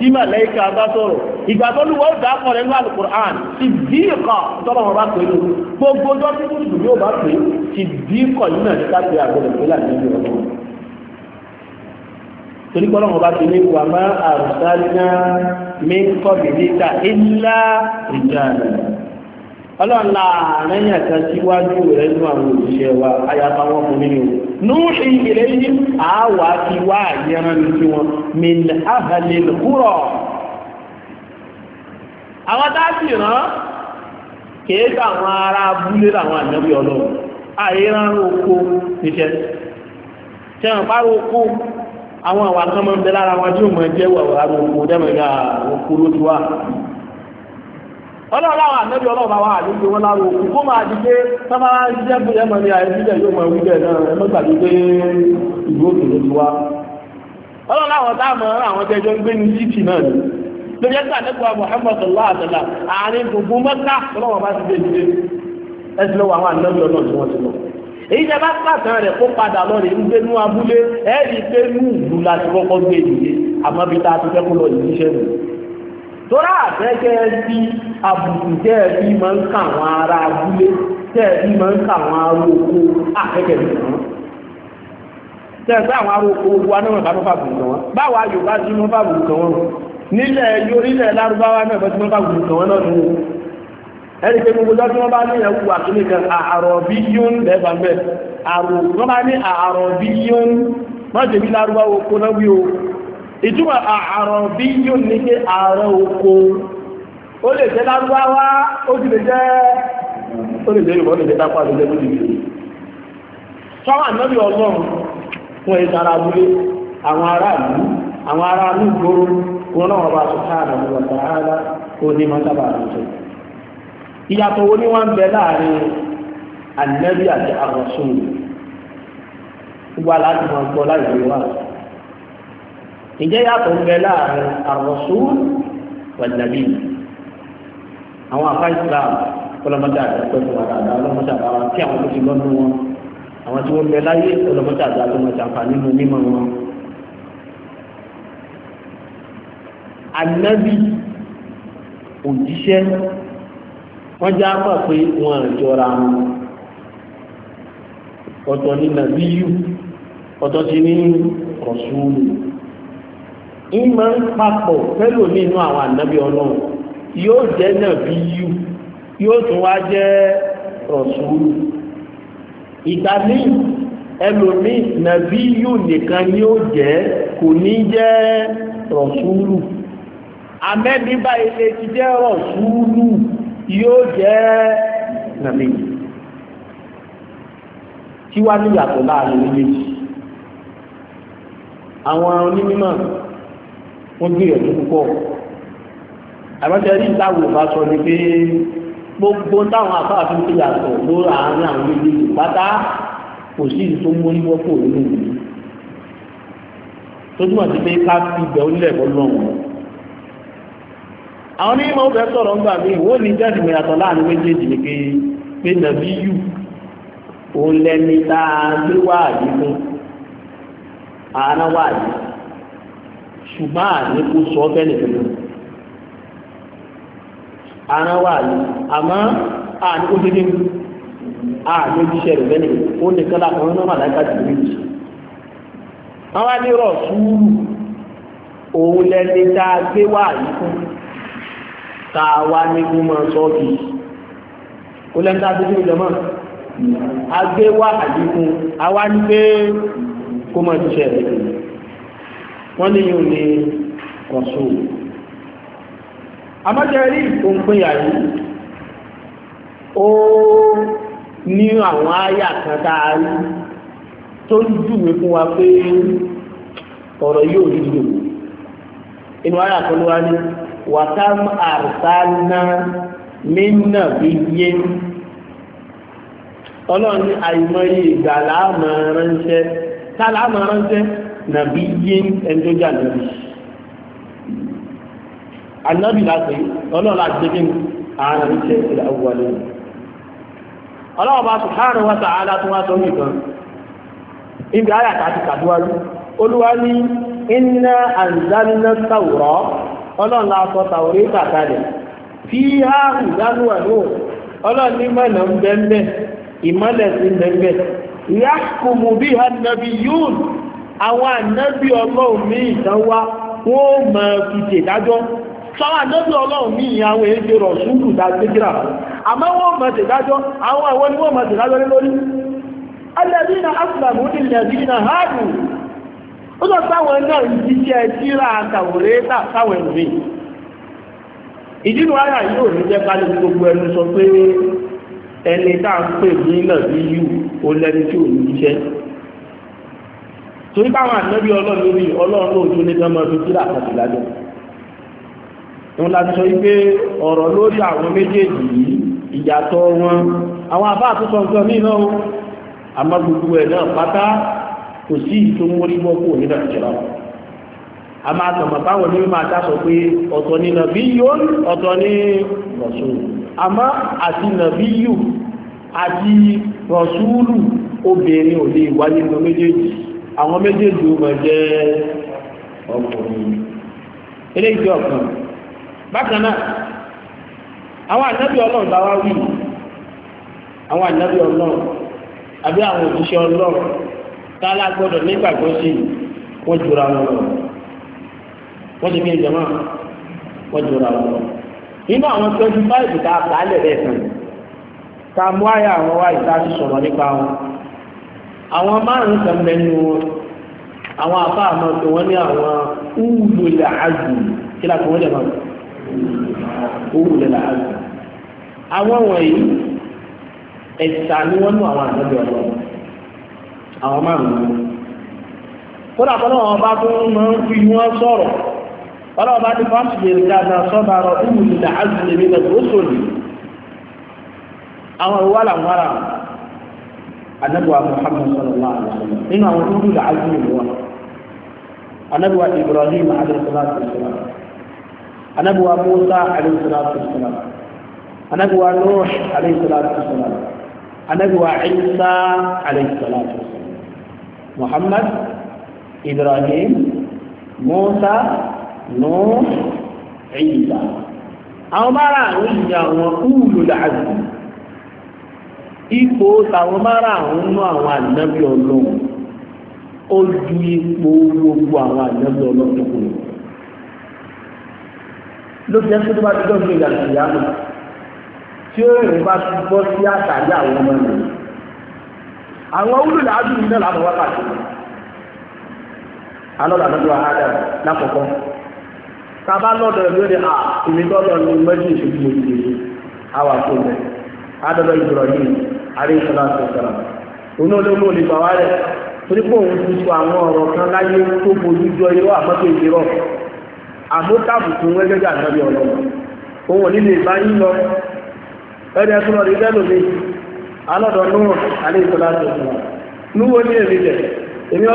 tí màlẹ́kà bá sọ̀rọ̀ ìgbà tó lù wọ́n dà kọ̀ lẹ́nu alukur'an ti bí ìkọ̀ tọ́lọ́ wọn bá pè é gbogbo ọjọ́ tí mùsùlùmí ò bá pè é ti bí ìkọ̀ yìí náà ní káfí àgbọ̀dọ̀ pé láti ní ọ̀rọ̀ torí kọ́ lọ́wọ́ bá ti ní wàmá àrùsálínà mí kọ́ bìlítà ìjà rẹ̀ ọlọ́la àrẹ́yìn àti síwájú rẹ̀ ní àwọn òṣìṣẹ́ wa ayapa wọn fún nínú núṣì ilé yìí àwà ti wá àyẹran ní tí wọn min ahalil kúrọ̀ àwọn dáàbì rán kìí gbà àwọn ará abúlé làwọn ànábì ọlọ́run àìran oko ọlọ́ọ̀láwà àmẹ́bí ọlọ́ọ̀bá wà lójú wọn láàrù òkú kó máa di pé sábà ń jẹ́ bí ẹmọ ní àìsíjẹ̀ yóò mọ̀ wíjẹ̀ náà ẹmọ́gbàdé pé ìlú òkèlè ti wá ọlọ́ọ̀láwà táàmù àwọn tẹjọ ń gbé ní títì náà ni lórí ẹgbẹ́ àdẹ́gbà Muhammad sallallahu alaihi wasallam àárín gbogbo mẹ́ta ọlọ́wọ́ bá ti dé èyí jẹ́ bá pàtàn rẹ̀ kó padà lọ rẹ̀ ń gbé nú abúlé ẹ̀rí pé nú ìlú láti kọ́kọ́ gbé ìdílé àmọ́ bí ta lọ ìdíṣẹ́ nù torá àfẹ́kẹ́ sí àbùkù tẹ́ ẹ bí máa ń kà wọn ará abúlé tẹ́ ẹ bí máa ń kà wọn ará oko àfẹ́kẹ́ bí wọn. tẹ́ ẹ sọ àwọn ará oko gbogbo anáwọn ìbámu fà bùkù wọn báwa Yorùbá ti mọ́ fà bùkù wọn nílẹ̀ yorílẹ̀ lárúbáwá náà bọ́sí mọ́ fà bùkù wọn náà nù ẹni pé gbogbo lọ́dún wọn bá ní ẹ̀kú àtúnlé kan àròbí yún lẹ́bàá mẹ́ àrò wọn bá ní ìtumọ̀ àrọ̀ bí yóò ní pé àrọ̀ oko ó lè jẹ́ lágbáwá ó sì lè jẹ́ ó lè jẹ́ yorùbá lè jẹ́ tápá lè jẹ́ lórí ìlú sọ́wọ́ ànábì ọlọ́run fún ara abúlé àwọn ará ìlú àwọn ará inú ìgboro wọn náà wọn bá tó káàdà ní wọn tààrà ó ní máa sábà àtúntò ìyàtọ̀ wo ni wọ́n ń bẹ láàrin ànábì àti àrọ̀sùn gbogbo láì ǹjẹ́ yàtọ̀ ń bẹ láàrin ar-rasul wal-nabi àwọn àfa islam kọlọmọdé àgbẹ̀pẹ́ fún wa dáadáa ọlọ́mọdé àbára tí àwọn tó ti lọ́nu wọn àwọn tí wọ́n bẹ láyé ọlọ́mọdé àgbà tó mọ̀ jàǹfà nínú mímọ̀ wọn. anabi òjíṣẹ́ wọ́n já mọ̀ pé wọ́n jọra wọn ọ̀tọ̀ ni nàbíyù ọ̀tọ̀ ti ní rọ̀ṣúlù ìmọ̀ ń papọ̀ pẹ̀lú nínú àwọn ànábì ọlọ́run yóò jẹ́ náà bí yú yóò tún wá jẹ́ rọ̀súlù ìgbà míì ẹlòmíì nàbí yú nìkan ni ó jẹ́ kò ní jẹ́ rọ̀súlù amẹ́bí báyìí lè ti jẹ́ rọ̀súlù yóò jẹ́ nàbí tí wá níyàtọ̀ láàrin méjèèjì àwọn onímọ̀ wọ́n gbìyànjú púpọ̀ àbájá ní ìtawò bá sọ ni pé gbogbo táwọn afáàfin ti yàtọ̀ ló àárín àwọn méjèèjì pátá kò sí ìlú tó ń mórí wọ́pọ̀ nínú ìlú tó túmọ̀ sí pé ká fi ibẹ̀ ó lẹ̀ bọ́lọ́ wọn. àwọn onímọ̀ ọ̀bẹ sọ̀rọ̀ ńgbà mí wọ́n ní jẹ́rìí mìíràn láàrin méjèèjì ni pé pé nàbí yù òun lẹni tá a gbé wáàdí fún àárín ṣùgbọ́n àní kó sọ bẹ́ẹ̀ nìkan ara wà ní àmọ́ àní kó dédé mú àní ojúṣe rẹ̀ bẹ́ẹ̀ nìkan ó nìkan láàrín ọ̀nà màláìka jù méjì wọ́n wá ní rọ̀ sùúrù òun lẹ́ni tá a gbé wà yìí fún tá a wá ní kó máa sọ bí ó lẹ́ni tá a gbé fún ìjọba a gbé wà yìí fún a wá ní pé kó máa ṣiṣẹ́ rẹ̀ wọ́n ní yóò ní rọ̀ṣù amájẹ́rí ìfòǹpéyà yìí ó ní àwọn àyà kan dáadáa tó ń júwe fún wa pé ọ̀rọ̀ yóò rí inú àyà kan ní wàtám àrùsáná mínà bí yé ọlọ́run nàbí yé ẹni tó jẹ́ ànábì ànábì láti ọlọ́ọ̀lá àgbẹ̀gbẹ̀ ààrẹ iṣẹ́ ìlà awwalin ọlọ́wọ́ bá subhanahu wa ta'ala tó wá sọ ibi ayà tàbí kàdúwárí olúwa ní inna anzalna tàwùrọ̀ ọlọ́ọ̀lá sọ tàwùrí kàkàlẹ̀ fi ha ìdánúwà náà àwọn ànábì ọlọ́run ní ìdánwà wọ́n mọ̀ fìdí ìdájọ́ sáwọn ànábì ọlọ́run ní àwọn èdè rọ̀ ṣúkù dágbégbà àmọ́ wọ́n mọ̀ tẹ̀dájọ́ àwọn àwọn ni wọ́n mọ̀ tẹ̀dájọ́ lé lórí alẹ́bínà asìlàmù gbogbo ẹnu torí báwọn ànábì ọlọ́run lórí ọlọ́run lóòjú ní kí wọ́n máa fi sílà kàtì lájọ́ wọn láti sọ wípé ọ̀rọ̀ lórí àwọn méjèèjì yìí ìyàtọ̀ wọn àwọn àbá àtúntò nǹkan náà àmọ́ gbogbo ẹ̀ náà pátá kò sí ìtò ni nàbí yóò ọ̀tọ̀ ni rọ̀súlù àmọ́ àti nàbí yù àti rọ̀súlù obìnrin ò lè wáyé lọ méjèèjì àwọn méjèèjì ó jẹ́ ọkùnrin eléyìí jẹ́ ọ̀kan àwọn ànábì ọlọ́run bá wá wí àwọn ànábì ọlọ́run àbí àwọn òṣìṣẹ́ ọlọ́run nígbàgbọ́ sí wọ́n wọn lọ wọ́n ti fi ìjọba wọ́n jura wọn lọ nínú àwọn twenty five tá a kà á mú àyà àwọn márùn-ún kan mẹ́nu wọn àwọn àbá àmọ́ tí wọ́n ní àwọn ulul azm kí láti wọ́n jẹ́ máa ulul azm àwọn wọ̀nyí ẹ̀sà ni wọ́n mú àwọn àtẹ́bí ọ̀rọ̀ àwọn márùn-ún kódà kọ́nà wọn bá tún máa ń fi wọ́n sọ̀rọ̀ ọlọ́wọ́ bá ti fọ́n ṣe rí dáadáa sọ́ba rọ ulul azm lè mi lọ àwọn ìwà làwọn ara wọn anabiwa muhammad sallallahu alaihi wa sallam nínú àwọn tó ń lò ájú ìlú wa anabiwa ibrahim alayhi salatu wa sallam anabiwa musa alayhi salatu wa sallam anabiwa nuh alayhi salatu wa sallam anabiwa isa alayhi salatu muhammad ibrahim musa nuh isa àwọn mara àwọn ìyá wọn kúlù làásù ipò tàwọn mara àwọn nú àwọn ànábì ọlọ́run ó ju ipò gbogbo àwọn ànábì ọlọ́run tó kù ló fi ẹsẹ̀ tó bá ti dọ́gbé ìyàtọ̀ ìyàmù tí ó rìn bá ti bọ́ sí àtàlẹ́ àwọn ọmọ rẹ̀ àwọn náà wákàtí tàbá lọ́dọ̀ ẹ̀mí mẹ́jì ìṣèjú mo ti dé àwọn adọ́dọ̀ àríṣọ́lá tó sọ̀rọ̀ òun olóògbé ò lè gbà wálẹ̀ torí pé òun ti sọ àwọn ọ̀rọ̀ kan láyé tó bojú jọ irọ́ àmọ́tò ìdírọ̀ àmótàbù tó wẹ́gẹ́ bí àtàbí ọ̀rọ̀ òun ò bá yín ẹni ẹkún lọ rí lẹ́nu alọ́dọ̀ núwọ̀n àríṣọ́lá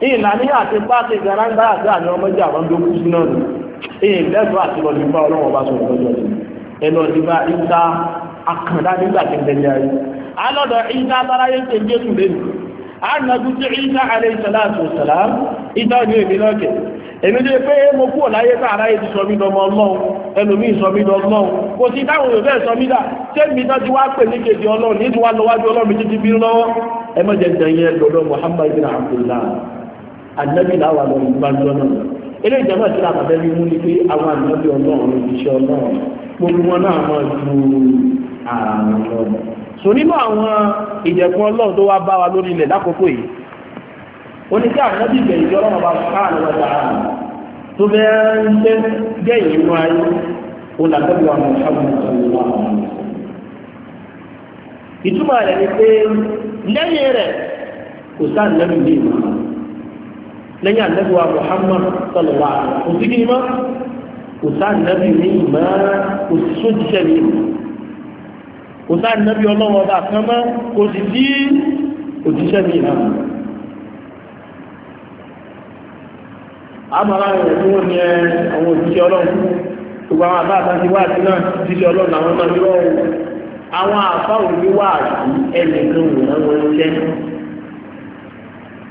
ìlànà àti pàtì garanga àti àmì ọmọdé àwọn tó kú sí náà èyí lẹ́tọ́ àti lọ́dún bá ọlọ́wọ́n bá sọ̀rọ̀ lọ́jọ́ sí ẹnu ọdún bá ìta akàndá nígbà tí ń tẹ́lẹ̀ ayé alọ́dọ̀ ìta aláráyé ń tẹ́lẹ̀ jésù lẹ́nu ànàjú tí ìta alẹ́ ìsàlá ìta ní èmi lọ́kẹ̀ èmi lè pé mo tá ti sọ mí ọlọ́run sọ mí kò sí táwọn sọ mí dà ti wá pè ní kejì ọlọ́run wá lọ wájú ọlọ́run títí bí lọ́wọ́ ẹ mọ̀jẹ̀ lọ́dọ̀ ànábì làwọn àwọn olùgbàjọ náà eré ìjọba tí a bàbá mú ni pé àwọn ànábì ọlọ́run ìṣe ọlọ́run gbogbo wọn náà máa ju àrùn lọ. sọ nínú àwọn ìjẹ̀kùn ọlọ́run tó wá bá wa lórí ilẹ̀ lákòókò yìí ọlọ́run bá ká àwọn ọjà tó ń gẹ̀yìn inú ayé wa ìtumọ̀ rẹ̀ ni pé lẹ́yìn rẹ̀ kò sáà lẹ́yìn àdẹ́gbẹ̀wà Muhammad sọlọ́wà kò sí kíni mọ́ kò sáà nàbì ní ìmọ̀ kò sí sójíṣẹ́ ní kò nàbì ọlọ́wọ́ bá kan mọ́ kò sì sí òjíṣẹ́ ní ìlànà àmàlà rẹ̀ tí wọ́n ní àwọn òjíṣẹ́ ọlọ́run gbogbo àwọn àbá àtàkì wá náà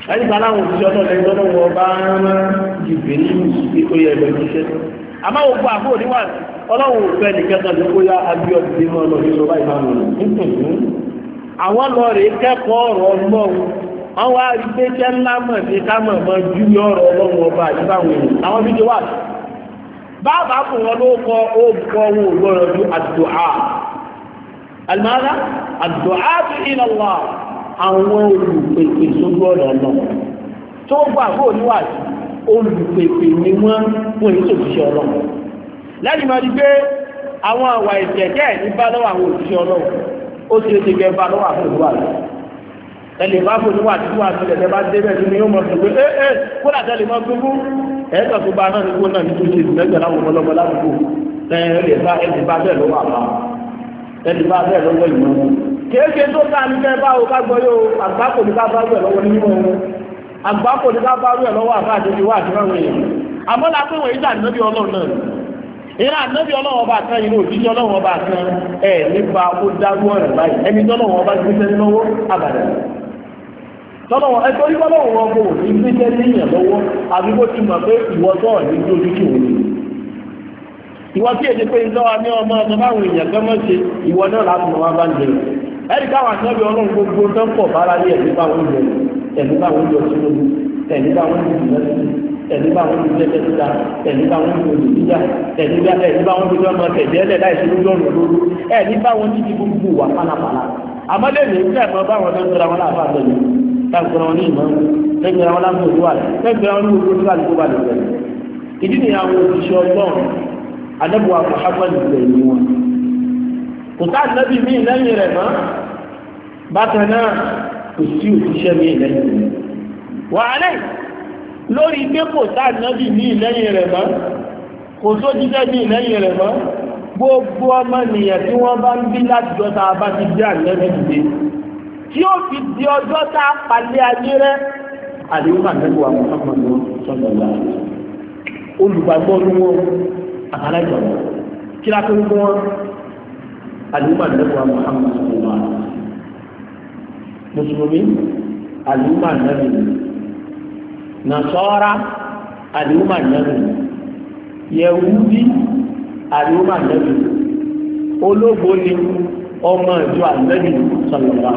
ẹni kan láwọn òṣìṣẹ́ ọlọ́lẹ̀ lọ́dọ̀ wọ bá rán jìbì ní ìkó yẹ ẹ̀bẹ̀ ṣiṣẹ́ àmọ́ àbúrò níwà ọlọ́run òfẹ́ nìkẹta ló kó yá abíọ́dé mọ́ lọ àwọn olùpèpè sójú ọ̀rọ̀ ọ̀nà tó gbà bó níwájú olùpèpè ni wọ́n fún èyí òṣìṣẹ́ ọlọ́run lẹ́yìn máa di pé àwọn àwà ìṣẹ̀jẹ́ ní bá lọ́wọ́ àwọn òṣìṣẹ́ ọlọ́run ó ti lè ti gẹ bá lọ́wọ́ àwọn olùwàlú ẹlẹ́ bá fún níwájú wà sílẹ̀ tẹ́ bá débẹ̀ sí ni yóò mọ̀ pé ẹ ẹ kódà tẹ́lẹ̀ mọ́ gbogbo ẹ̀ẹ́dà tó bá náà nígbó náà nítorí ṣe ìgbẹ́gbẹ́ láwọn ọmọlọ́gbọ́ ládùúgbò ẹ̀ ẹ̀ lè bá ẹ̀ lè bá bẹ́ẹ̀ lọ́wọ́ àbá ẹ̀ lè bá bẹ́ẹ̀ lọ́wọ́ ìmọ̀ keke tó sáà ní fẹ́ bá o ká gbọ́ yóò ní ká bá rú ẹ̀ lọ́wọ́ nínú ohun kò ní ká bá rú ẹ̀ lọ́wọ́ àbá àti àti ìrànwọ́ èèyàn àmọ́ la pé wọ́n ìjà níbi ọlọ́run náà ànábì ọlọ́run ọba kan ọlọ́run ọba kan ẹ̀ nípa ó dárú ọ̀rẹ́ báyìí ẹni ọba gbé sẹ́ni lọ́wọ́ ẹ̀rí káwọn àtọ́bí ọlọ́run gbogbo tó ń pọ̀ bára lé ẹ̀mí bá wọn jẹ ẹ̀mí bá wọn jọ sínú ẹ̀mí bá wọn jù lẹ́sí ẹ̀mí bá wọn jù lẹ́sẹ̀ síta ẹ̀mí bá wọn jù lẹ́sẹ̀ síta ẹ̀mí bá ẹ̀mí bá wọn jù lọ́mọ tẹ̀jẹ́ lẹ̀ láì sínú lọ́rùn lóru ẹ̀mí bá wọn jù gbogbo wà pálapàla àmọ́lẹ́mí fẹ́ mọ báwọn tó wọn láàbà kò tá ànábì mí lẹ́yìn rẹ̀ mọ́ bákan náà kò sí òṣìṣẹ́ mí lẹ́yìn rẹ̀ wàhálẹ̀ lórí pé kò tá ànábì mí lẹ́yìn rẹ̀ mọ́ kò tó jíṣẹ́ mí lẹ́yìn rẹ̀ mọ́ gbogbo ọmọ nìyẹn tí wọ́n bá ń bí láti jọta bá ti dé ànábì dìde tí ó fi di ọjọ́ tá a ayé rẹ̀ àdéhùn àtẹ́kọ̀ọ́ àwọn ọmọ olùgbàgbọ́ ní wọn àtàlẹ́jọ̀ọ́ kí lápẹ́ ń gbọ́n àlùmọ̀ àdẹ́wà Muhammad sọ̀rọ̀ mùsùlùmí àlùmọ̀ àdẹ́wà nàṣọ́ra àlùmọ̀ àdẹ́wà yẹ̀wúdí àlùmọ̀ àdẹ́wà ológbò ni ọmọ ìjọ àdẹ́wà sọ̀rọ̀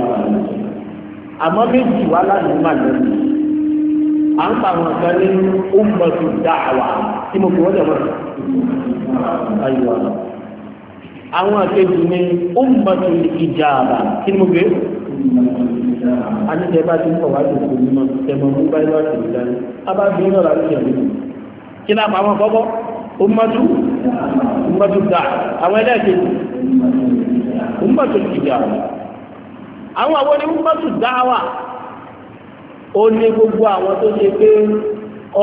àmọ́ méjì wà lálùmọ̀ àdẹ́wà à ń pa àwọn kan ní ó mọ̀ tó dáa tí mo fi wọ́n jẹ̀ mọ́ ayọ̀ àwọn àkejì ni ó ń bàtò ìjà àbà kí ni mo gbé àníjẹ bá ti ń pọ̀ wá sí ìpò mímọ́ tẹmọ mú báyìí wá sí ìjà ní abábí náà láti ṣe àmì kí lápá àwọn kọ́kọ́ ó mọ́tú àwọn ẹlẹ́ẹ̀kejì ó mọ́tò ni mọ́tò dá wà ó ní gbogbo àwọn tó ṣe pé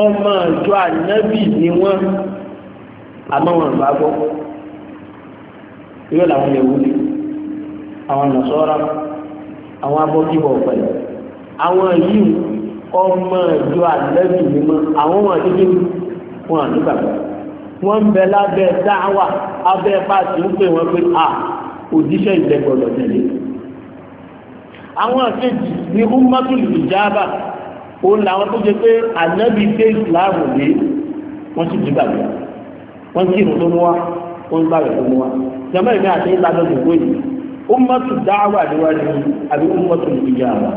ọmọ ìjọ ànábì yóò làwọn Yẹhudi àwọn Nasara àwọn abọ́kíbọ̀ pẹ̀lú àwọn yìí ọmọ ìjọ àlẹ́bì mímọ́ àwọn wọn àti kíni wọn àdúgbàgbọ́ wọn ń bẹ lábẹ́ dáwà abẹ́ pàṣẹ ń pè wọn pé a òjíṣẹ́ ìgbẹ́gbọ̀dọ̀ tẹ̀lé àwọn àkejì ní ummatul ijaba òun làwọn tó jẹ pé ànábì dé ìsìláàmù dé wọ́n sì dúgbàgbọ́ wọ́n sì rò tó mú wa ó ń gbàgbé tó mú wa jama ìgbà àti ìta lọ́dún ìwé yìí ummatu da'wa ni wọ́n ní àbí ummatu ijaba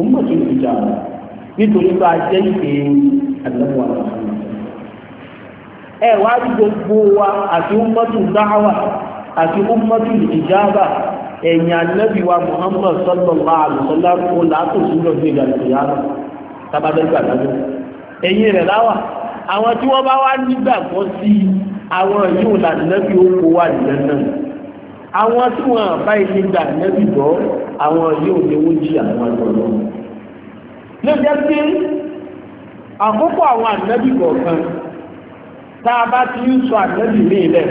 ummatu ijaba nítorí bá a jẹ́ ìpè àdánwò àwọn ẹ wá rí gbogbo wa àti ummatu da'wa àti ummatu ijaba ẹ̀yìn ànábì wa muhammad sallallahu alaihi wasallam kò látòsí lọ́dún ìgbà ìgbà tábàdẹ́gbà lọ́dún ẹ̀yìn rẹ̀ láwà àwọn tí wọ́n bá wá nígbàgbọ́ sí àwọn yóò là nẹ́bí oko wà nílẹ̀ náà àwọn tí wọ́n bá ilé gbà nẹ́bí bọ́ àwọn yóò lè wọ́n jí àwọn ọ̀dọ́ ló jẹ́ pé àkókò àwọn ànẹ́bí kọ̀ọ̀kan tá a bá ti ń sọ ànẹ́bí mi lẹ̀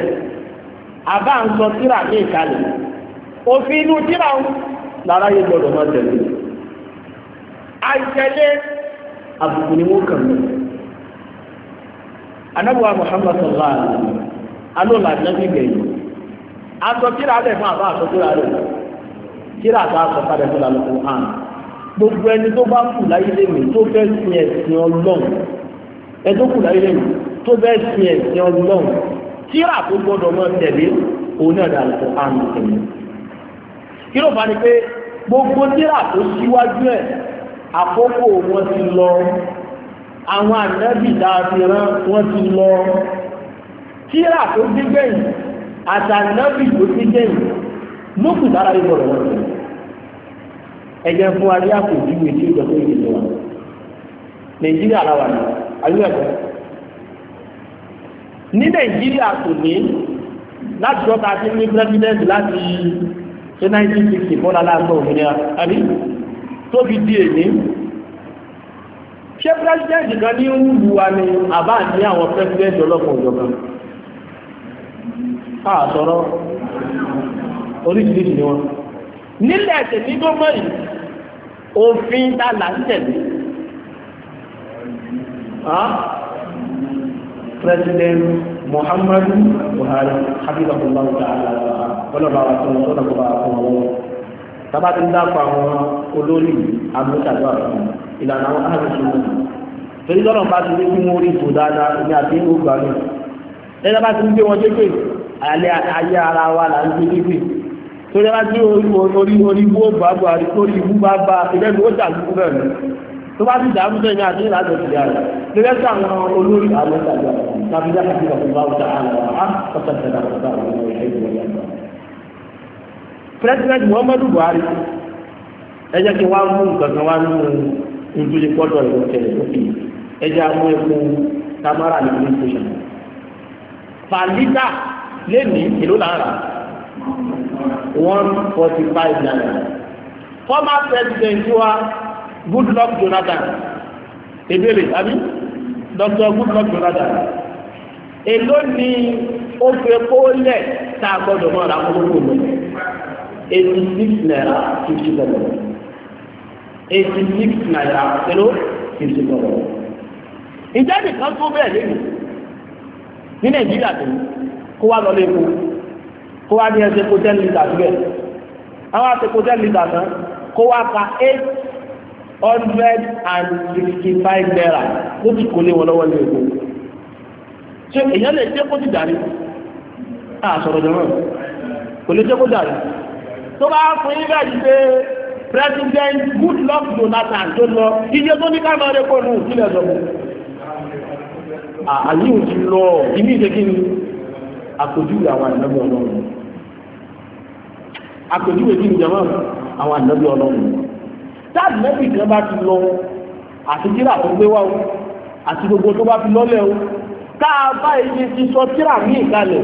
àbá ń sọ tíra ní ìkàlẹ̀ òfin inú tíra lára yẹ gbọdọ̀ máa tẹ̀lé àìtẹ̀lé àbùkù ni wọ́n kàn mí anábùwà Muhammad sọlá alóòlà nàbí gẹ̀yìn aṣọ kíra rẹ̀ fún àbá aṣọ kíra rẹ̀ kíra àbá aṣọ kárẹ̀ fún lálùkù hàn gbogbo ẹni tó bá kù láyé lèmi tó fẹ́ sin ẹ̀sìn ọlọ́run ẹni tó kù láyé lèmi tó fẹ́ sin ẹ̀sìn ọlọ́run kíra tó gbọdọ̀ mọ́ tẹ̀lé òun náà dà lùkù hàn tẹ̀lé kí ló fà ní pé gbogbo kíra tó síwájú ẹ̀ àkókò wọn ti lọ àwọn ànábì dáadìran wọ́n ti lọ tíra tó dígbẹ̀yìn àtànábì tó dígbẹ̀yìn lókù dára yìí bọ̀rọ̀ wọn tẹ̀lé ẹ̀jẹ̀ fún wa ní àpòjú ìwé tí ó jọ pé ìdílé wa nàìjíríà làwà ní ayélujára ní nàìjíríà kò ní láti ọ̀tà àti ní pírẹ́sidẹ́ntì láti ṣe 1960 fọ́nà láàbọ̀ òmìnira àbí tóbi díè ní ṣé president kan ní wùlù wa ni àbá ní àwọn president ọlọ́pàá òjọ̀kan àtọ̀rọ̀ oríṣiríṣi ni wọn nílẹ̀ ẹ̀sẹ̀ ní gbogbo yìí òfin ta là ń tẹ̀lé president Muhammadu Buhari habibullah ta'ala ọlọ́pàá wa tó ń sọ́dọ̀ kó bá a sábà tí ń dápọ̀ àwọn olórí amúṣàdúrà fún ìlànà àwọn aláàbòsùn torí lọ́rọ̀ bá ti dé kí wọ́n rí ìbò dáadáa ní àti ìlú gbà mí lẹ́yìn bá ti ń gbé wọn dé pé alẹ́ ayé ara wa là ń gbé dé pé torí bá ti orí orí orí wó gbàgbà lórí ìwú bá bá ìdẹ́nu ó dàgbù bẹ́ẹ̀ ni tó bá ti dàgbù bẹ́ẹ̀ ni àti ìlànà ìdíyà rẹ̀ lẹ́yìn tí àwọn olórí amúṣàdúrà president muhammadu buhari ẹ jẹ́ kí wá mú nǹkan kan wá nínú nítorí pọ́tọ̀ ìlú tẹ̀lé lókè ẹ jẹ́ àwọn epo tamara ní police station palita lẹ́nu ìlú lára one forty five naira former president wa goodluck jonathan ebele àbí dr goodluck jonathan èló ni ó fẹ́ kó lẹ̀ tá a 86 naira 50 kobo 86 naira kilo 50 kobo ǹjẹ́ nìkan tó bẹ́ẹ̀ lẹ́nu ní nàìjíríà tó kó wá lọ lépo kó wá ní ẹsẹ̀ kó 10 litre síbẹ̀ àwọn àsìkò 10 litre tán kó wá pa 865 naira ó ti kò lé wọn lọ́wọ́ lépo ṣe èèyàn lè jẹ́ kó tó bá fún yín báyìí president Goodluck Jonathan tó lọ iye tó ní káàmà rẹ kó nù sílẹ̀ lọ́wọ́ àyè ò ti lọ ìmí ìdẹ́kí ni àpèjúwe àwọn ànábì ọlọ́run àpèjúwe kí ni jama àwọn ànábì ọlọ́run táàbù mẹ́bì kan bá ti lọ àti tíra tó gbé wá o àti gbogbo tó bá fi lọ́lẹ̀ o ká a bá iye ti sọ tíra míì kalẹ̀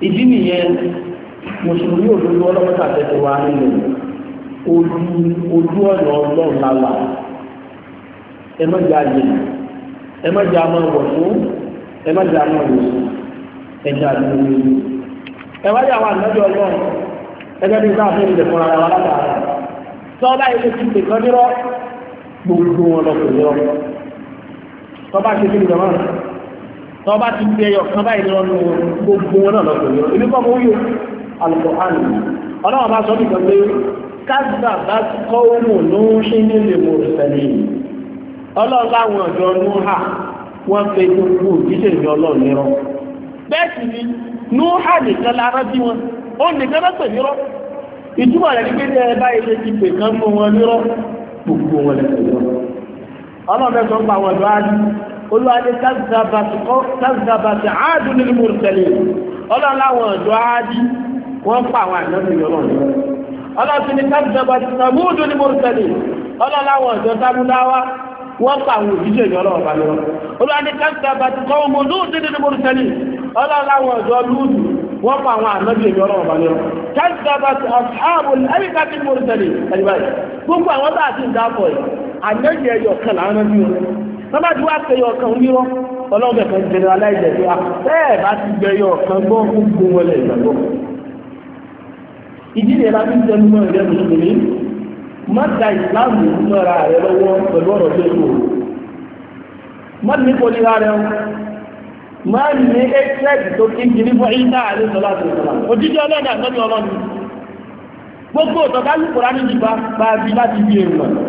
ìdí nìyẹn mùsùlùmí òdodo ọlọ́pàá tẹ̀sẹ̀ wa nílò ojú ojú ọ̀nà ọlọ́run la wà ẹ má jẹ́ àjẹ́ ẹ má jẹ́ àmọ́ ọ̀wọ̀ fún ẹ má jẹ́ àmọ́ ọ̀wọ̀ fún ẹ̀jẹ̀ àdúgbò yìí ẹ wáyé àwọn ànájọ́ ọlọ́run ẹgbẹ́ bí sáà fún ìdẹ̀kùn ara wa látara tọ́lá ilé ti pè kọ́ nírọ́ gbogbo wọn lọ pè nírọ́ tọ́ bá ṣe kí ni jọmọ́ tọ́ bá ti fi ẹyọ kan báyìí lọ́nu gbogbo wọn náà lọ́pọ̀ yọ ibi kọ́ mọ́ yóò alùpùpù ọlọ́wọ́ bá sọ nìkan pé káàdà bá kọ́ òun ló ń ṣe nílé mo sẹ́lẹ̀ ọlọ́wọ́ láwọn ọ̀dọ́ ní ha wọ́n pe gbogbo òjíṣẹ́ ìjọ ọlọ́run nírọ́ bẹ́ẹ̀ sì ha nìkan lára bí wọn ó nìkan náà pè nírọ́ ìtumọ̀ rẹ̀ ní pé ní ẹ báyìí ṣe ti pè kán mọ́ wọn nírọ́ gbogbo olúwadé kazabati áàdù nínú mùsùlùmí ọlọ́láwọn ọ̀dọ́ áàdì wọ́n pa àwọn àjọ́sí ọlọ́run ọlọ́sìn ní kazabati sàmúdù nínú mùsùlùmí ọlọ́láwọn ọ̀dọ́ sábúdáwá wọ́n pa àwọn òjíṣẹ́ ìyọ́rọ̀ ọ̀bá lọ olúwadé kazabati kọ́ọ̀mù lóòdì nínú mùsùlùmí ọlọ́láwọn ọ̀dọ́ lóòdì wọ́n pa àwọn ànábì ìyọ́rọ̀ ọ̀bá lọ kazabati ashabul ayyuka nínú mùsùlùmí gbogbo àwọn bá tọ́bá tí wá pẹ̀yọ ọ̀kan onírọ́ ọlọ́bẹ̀ kan jẹrẹ aláìjẹ̀ tó wá bẹ́ẹ̀ bá ti gbẹ̀yọ ọ̀kan gbọ́ gbogbo wọlé ìgbàgbọ́ ìdí ìrẹ́lá fi ń tẹnu mọ́ ìrẹ́ mùsùlùmí má da ìsìláàmù mọ́ra rẹ lọ́wọ́ pẹ̀lú ọ̀rọ̀ tó kù má ní kò níra rẹ má ní ẹ́kẹ́ẹ̀kì tó kí kiri fún ìdá àrẹ sọlá tó sọlá òjijì ọlọ́dà lọ́dún ọlọ́ni gbogbo ọ̀tọ̀ lùkùrá ní ìjìbá bá bí láti bí èrò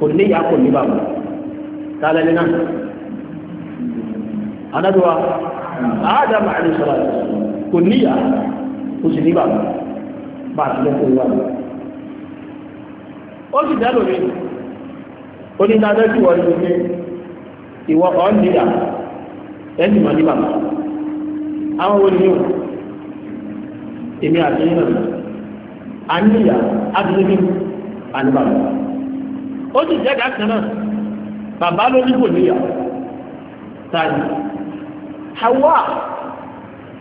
kò ní ìyá kò ní bàbá tálẹ́ ní náà anábíwá adam alayhi salatu kò ní ìyá kò sì ní bàbá bá a ti lọ́kọ̀ ìwà rẹ̀ ó sì dẹ́lò mi ó ní dáadáa tí wọ́n ti gbé ìwọ ọ̀ ní ìyá ẹ̀ sì ní bàbá àwọn wo ni yóò èmi àti yín náà a ní ìyá a ó sì jẹ́ dákan náà bàbá ló ní kò níyà tàbí Hawa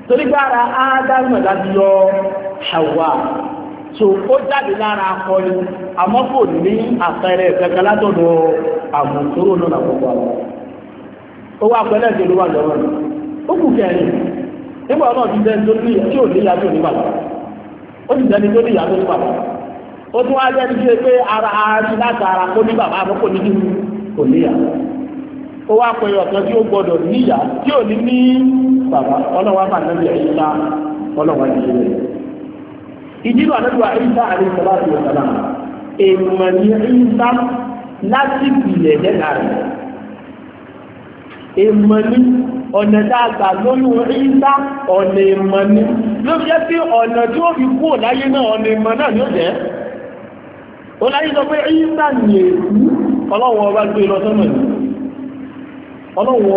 torí gbára Ádámù láti yọ Hawa so ó jáde lára akọni àmọ́ kò ní àpẹẹrẹ kankan látọ̀dọ̀ àmọ̀tòrò náà àkọ́kọ́ àwọn owó àpẹẹrẹ ìṣèlú wà lọ́wọ́ ó kù kẹrin nígbà náà ti dẹni tó ní tí ò ní ìyá tó ní bàbá ó tún wá jẹ́ ní ṣe pé ara ààrin láti ara kó ní bàbá àbúkò ní kí kò níyà ó wá pé ọ̀kan tí ó gbọdọ̀ níyà tí ò ní ní bàbá ọlọ́wà máa nẹ́bí ọlọ́wà ní ilé ìdílù ọ̀sánà èèmọ̀ ní láti rẹ̀ èèmọ̀ ní ọ̀nà lóyún ọ̀nà èèmọ̀ ní ló jẹ́ sí ọ̀nà tí ó fi ó láyé sọ pé ìsà ní èkú ọlọ́wọ́ ọba gbé lọ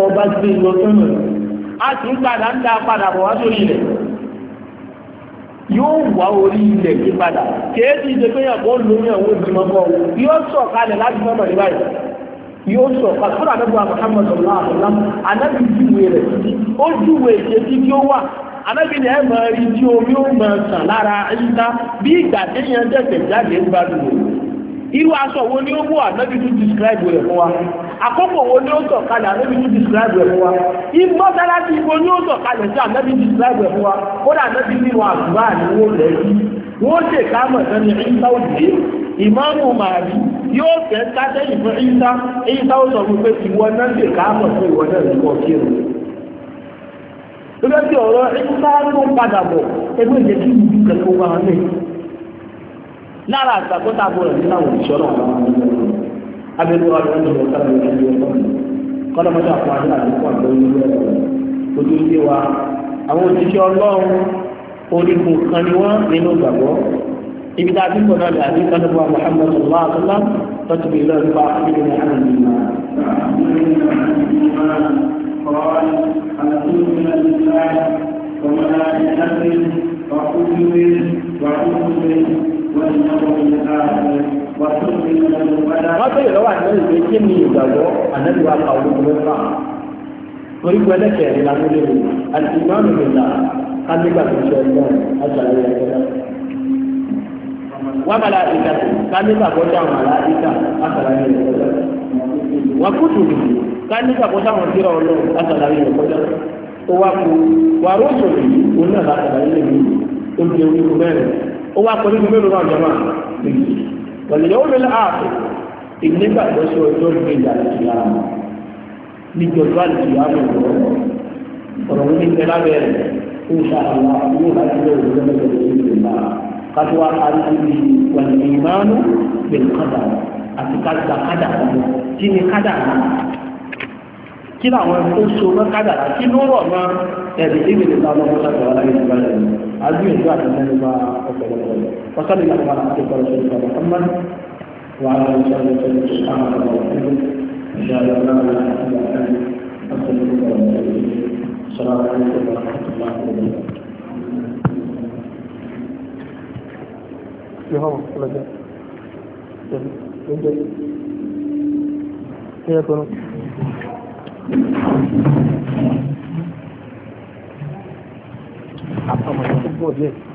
ọba a sì ń padà ilẹ̀ yóò wá orí ilẹ̀ yí padà kéèdì ìdẹ́gbẹ́yàn kó lórí ẹ̀wọ́ yóò kalẹ̀ láti mọ́mọ̀ yóò sọ pàtàkì anábìnrin ẹ máa rí tí omi ó máa sàn lára ẹyíká bí ìgbà téèyàn dẹ̀sẹ̀ jáde ń gbàdúrà irú aṣọ wo ni ó wọ anábì tún describe rẹ̀ fún wa àkókò wo ni ó sọ̀ kalẹ̀ anábì tún describe rẹ̀ fún wa ìmọ̀sáláṣí ibo ni ó sọ̀ kalẹ̀ sí anábì describe rẹ̀ fún wa kódà anábì ní àdúrà ni wọn lẹ́yìn wọ́n ṣe káàmọ̀ sẹ́ni ẹ̀yíká òdìdé ìmáàmù màálí yóò fẹ́ sátẹ́yìn fún ẹ̀yíká ẹ̀yíká ó sọ fún pé ìwọ náà ṣe káàmọ̀ fún ìwọ náà ní kọ̀ọ̀kì rẹ̀ lọ́jọ́ tí ọ̀rọ̀ ìgbà tó ń padà bọ̀ ẹgbẹ́ ìjẹ́ kí ìlú kẹ́kọ̀ọ́ wà lẹ̀ lára àgbàkọ́ta bọ̀ rẹ̀ níláwọ̀ ìṣọ́nà abẹ́lú ọ̀rọ̀ ìjọ ọ̀tàrà ìjọ kọ́lọ́mọdé àpárí àdúgbò àgbẹ̀wò ojú ilé wa àwọn òṣìṣẹ́ ọlọ́run orígun kan ni wọ́n nínú ìgbàgbọ́ ibi tá a ti ń bọ̀ náà lè àdé kánúbọ̀ àwọn Muhammadu sallallahu alaihi wasallam tọ́tù bí lọ́ọ̀rù bá a ti ń bọ̀ náà قال أنؤمن بالله وملائكته وكتبه ورسله واليوم الآخر وتؤمن بالقدر. wọ́n bẹ̀rẹ̀ lọ́wọ́ àti lẹ́yìn pé kí ni ìgbàgbọ́ ànábìwá ka ológun mẹ́fà torí pé ẹlẹ́kẹ̀ẹ́ la ló àti ìmáàmù ìgbà tó ká nígbà tó wọ́n kútu nìyí ká nígbàgbọ́ sáwọn ìdíra ọlọ́run látàlàyé rẹ̀ kọjá ó wá kú wàrú òṣèlú òun náà látàlàyé rẹ̀ mí ó di orígun mẹ́rin ó wá kọ nínú mélòó náà jọmọ́ méjì pẹ̀lú yóò lé ààbò ìnígbàgbọ́ sí ọjọ́ ìgbéjà àti ara níjọba àti ìyáàbò ọ̀rọ̀ ní ìtẹ́lá bẹ̀rẹ̀ fún ìṣàlọ́ àwọn láti lé òun lọ́wọ́ ìjọba kátó wá parí níbi wàlẹ̀ ìmánu pẹ̀lú kádà àti kádà kádà kí ni kádà náà kí làwọn ẹ̀kọ́ so mọ́ kádàrá kí ló rọ̀ mọ́ ẹ̀bí ìgbè lè sáwọn ọmọ sáfẹ́ wọn láyé ìgbà rẹ̀ àbí ìlú àti mẹ́rin bá ọ̀pọ̀lọpọ̀ rẹ̀ wọ́n ní àwọn àti ìkọlọ̀ sí ìgbà mọ́tàmán wà á lọ sọ lọ sọ́dọ̀ tó sáwọn ọmọ ọ̀pọ̀lọpọ̀ ìṣàlọ́ náà láti ìgbà rẹ̀ ọ̀pọ̀lọpọ̀ Thank you.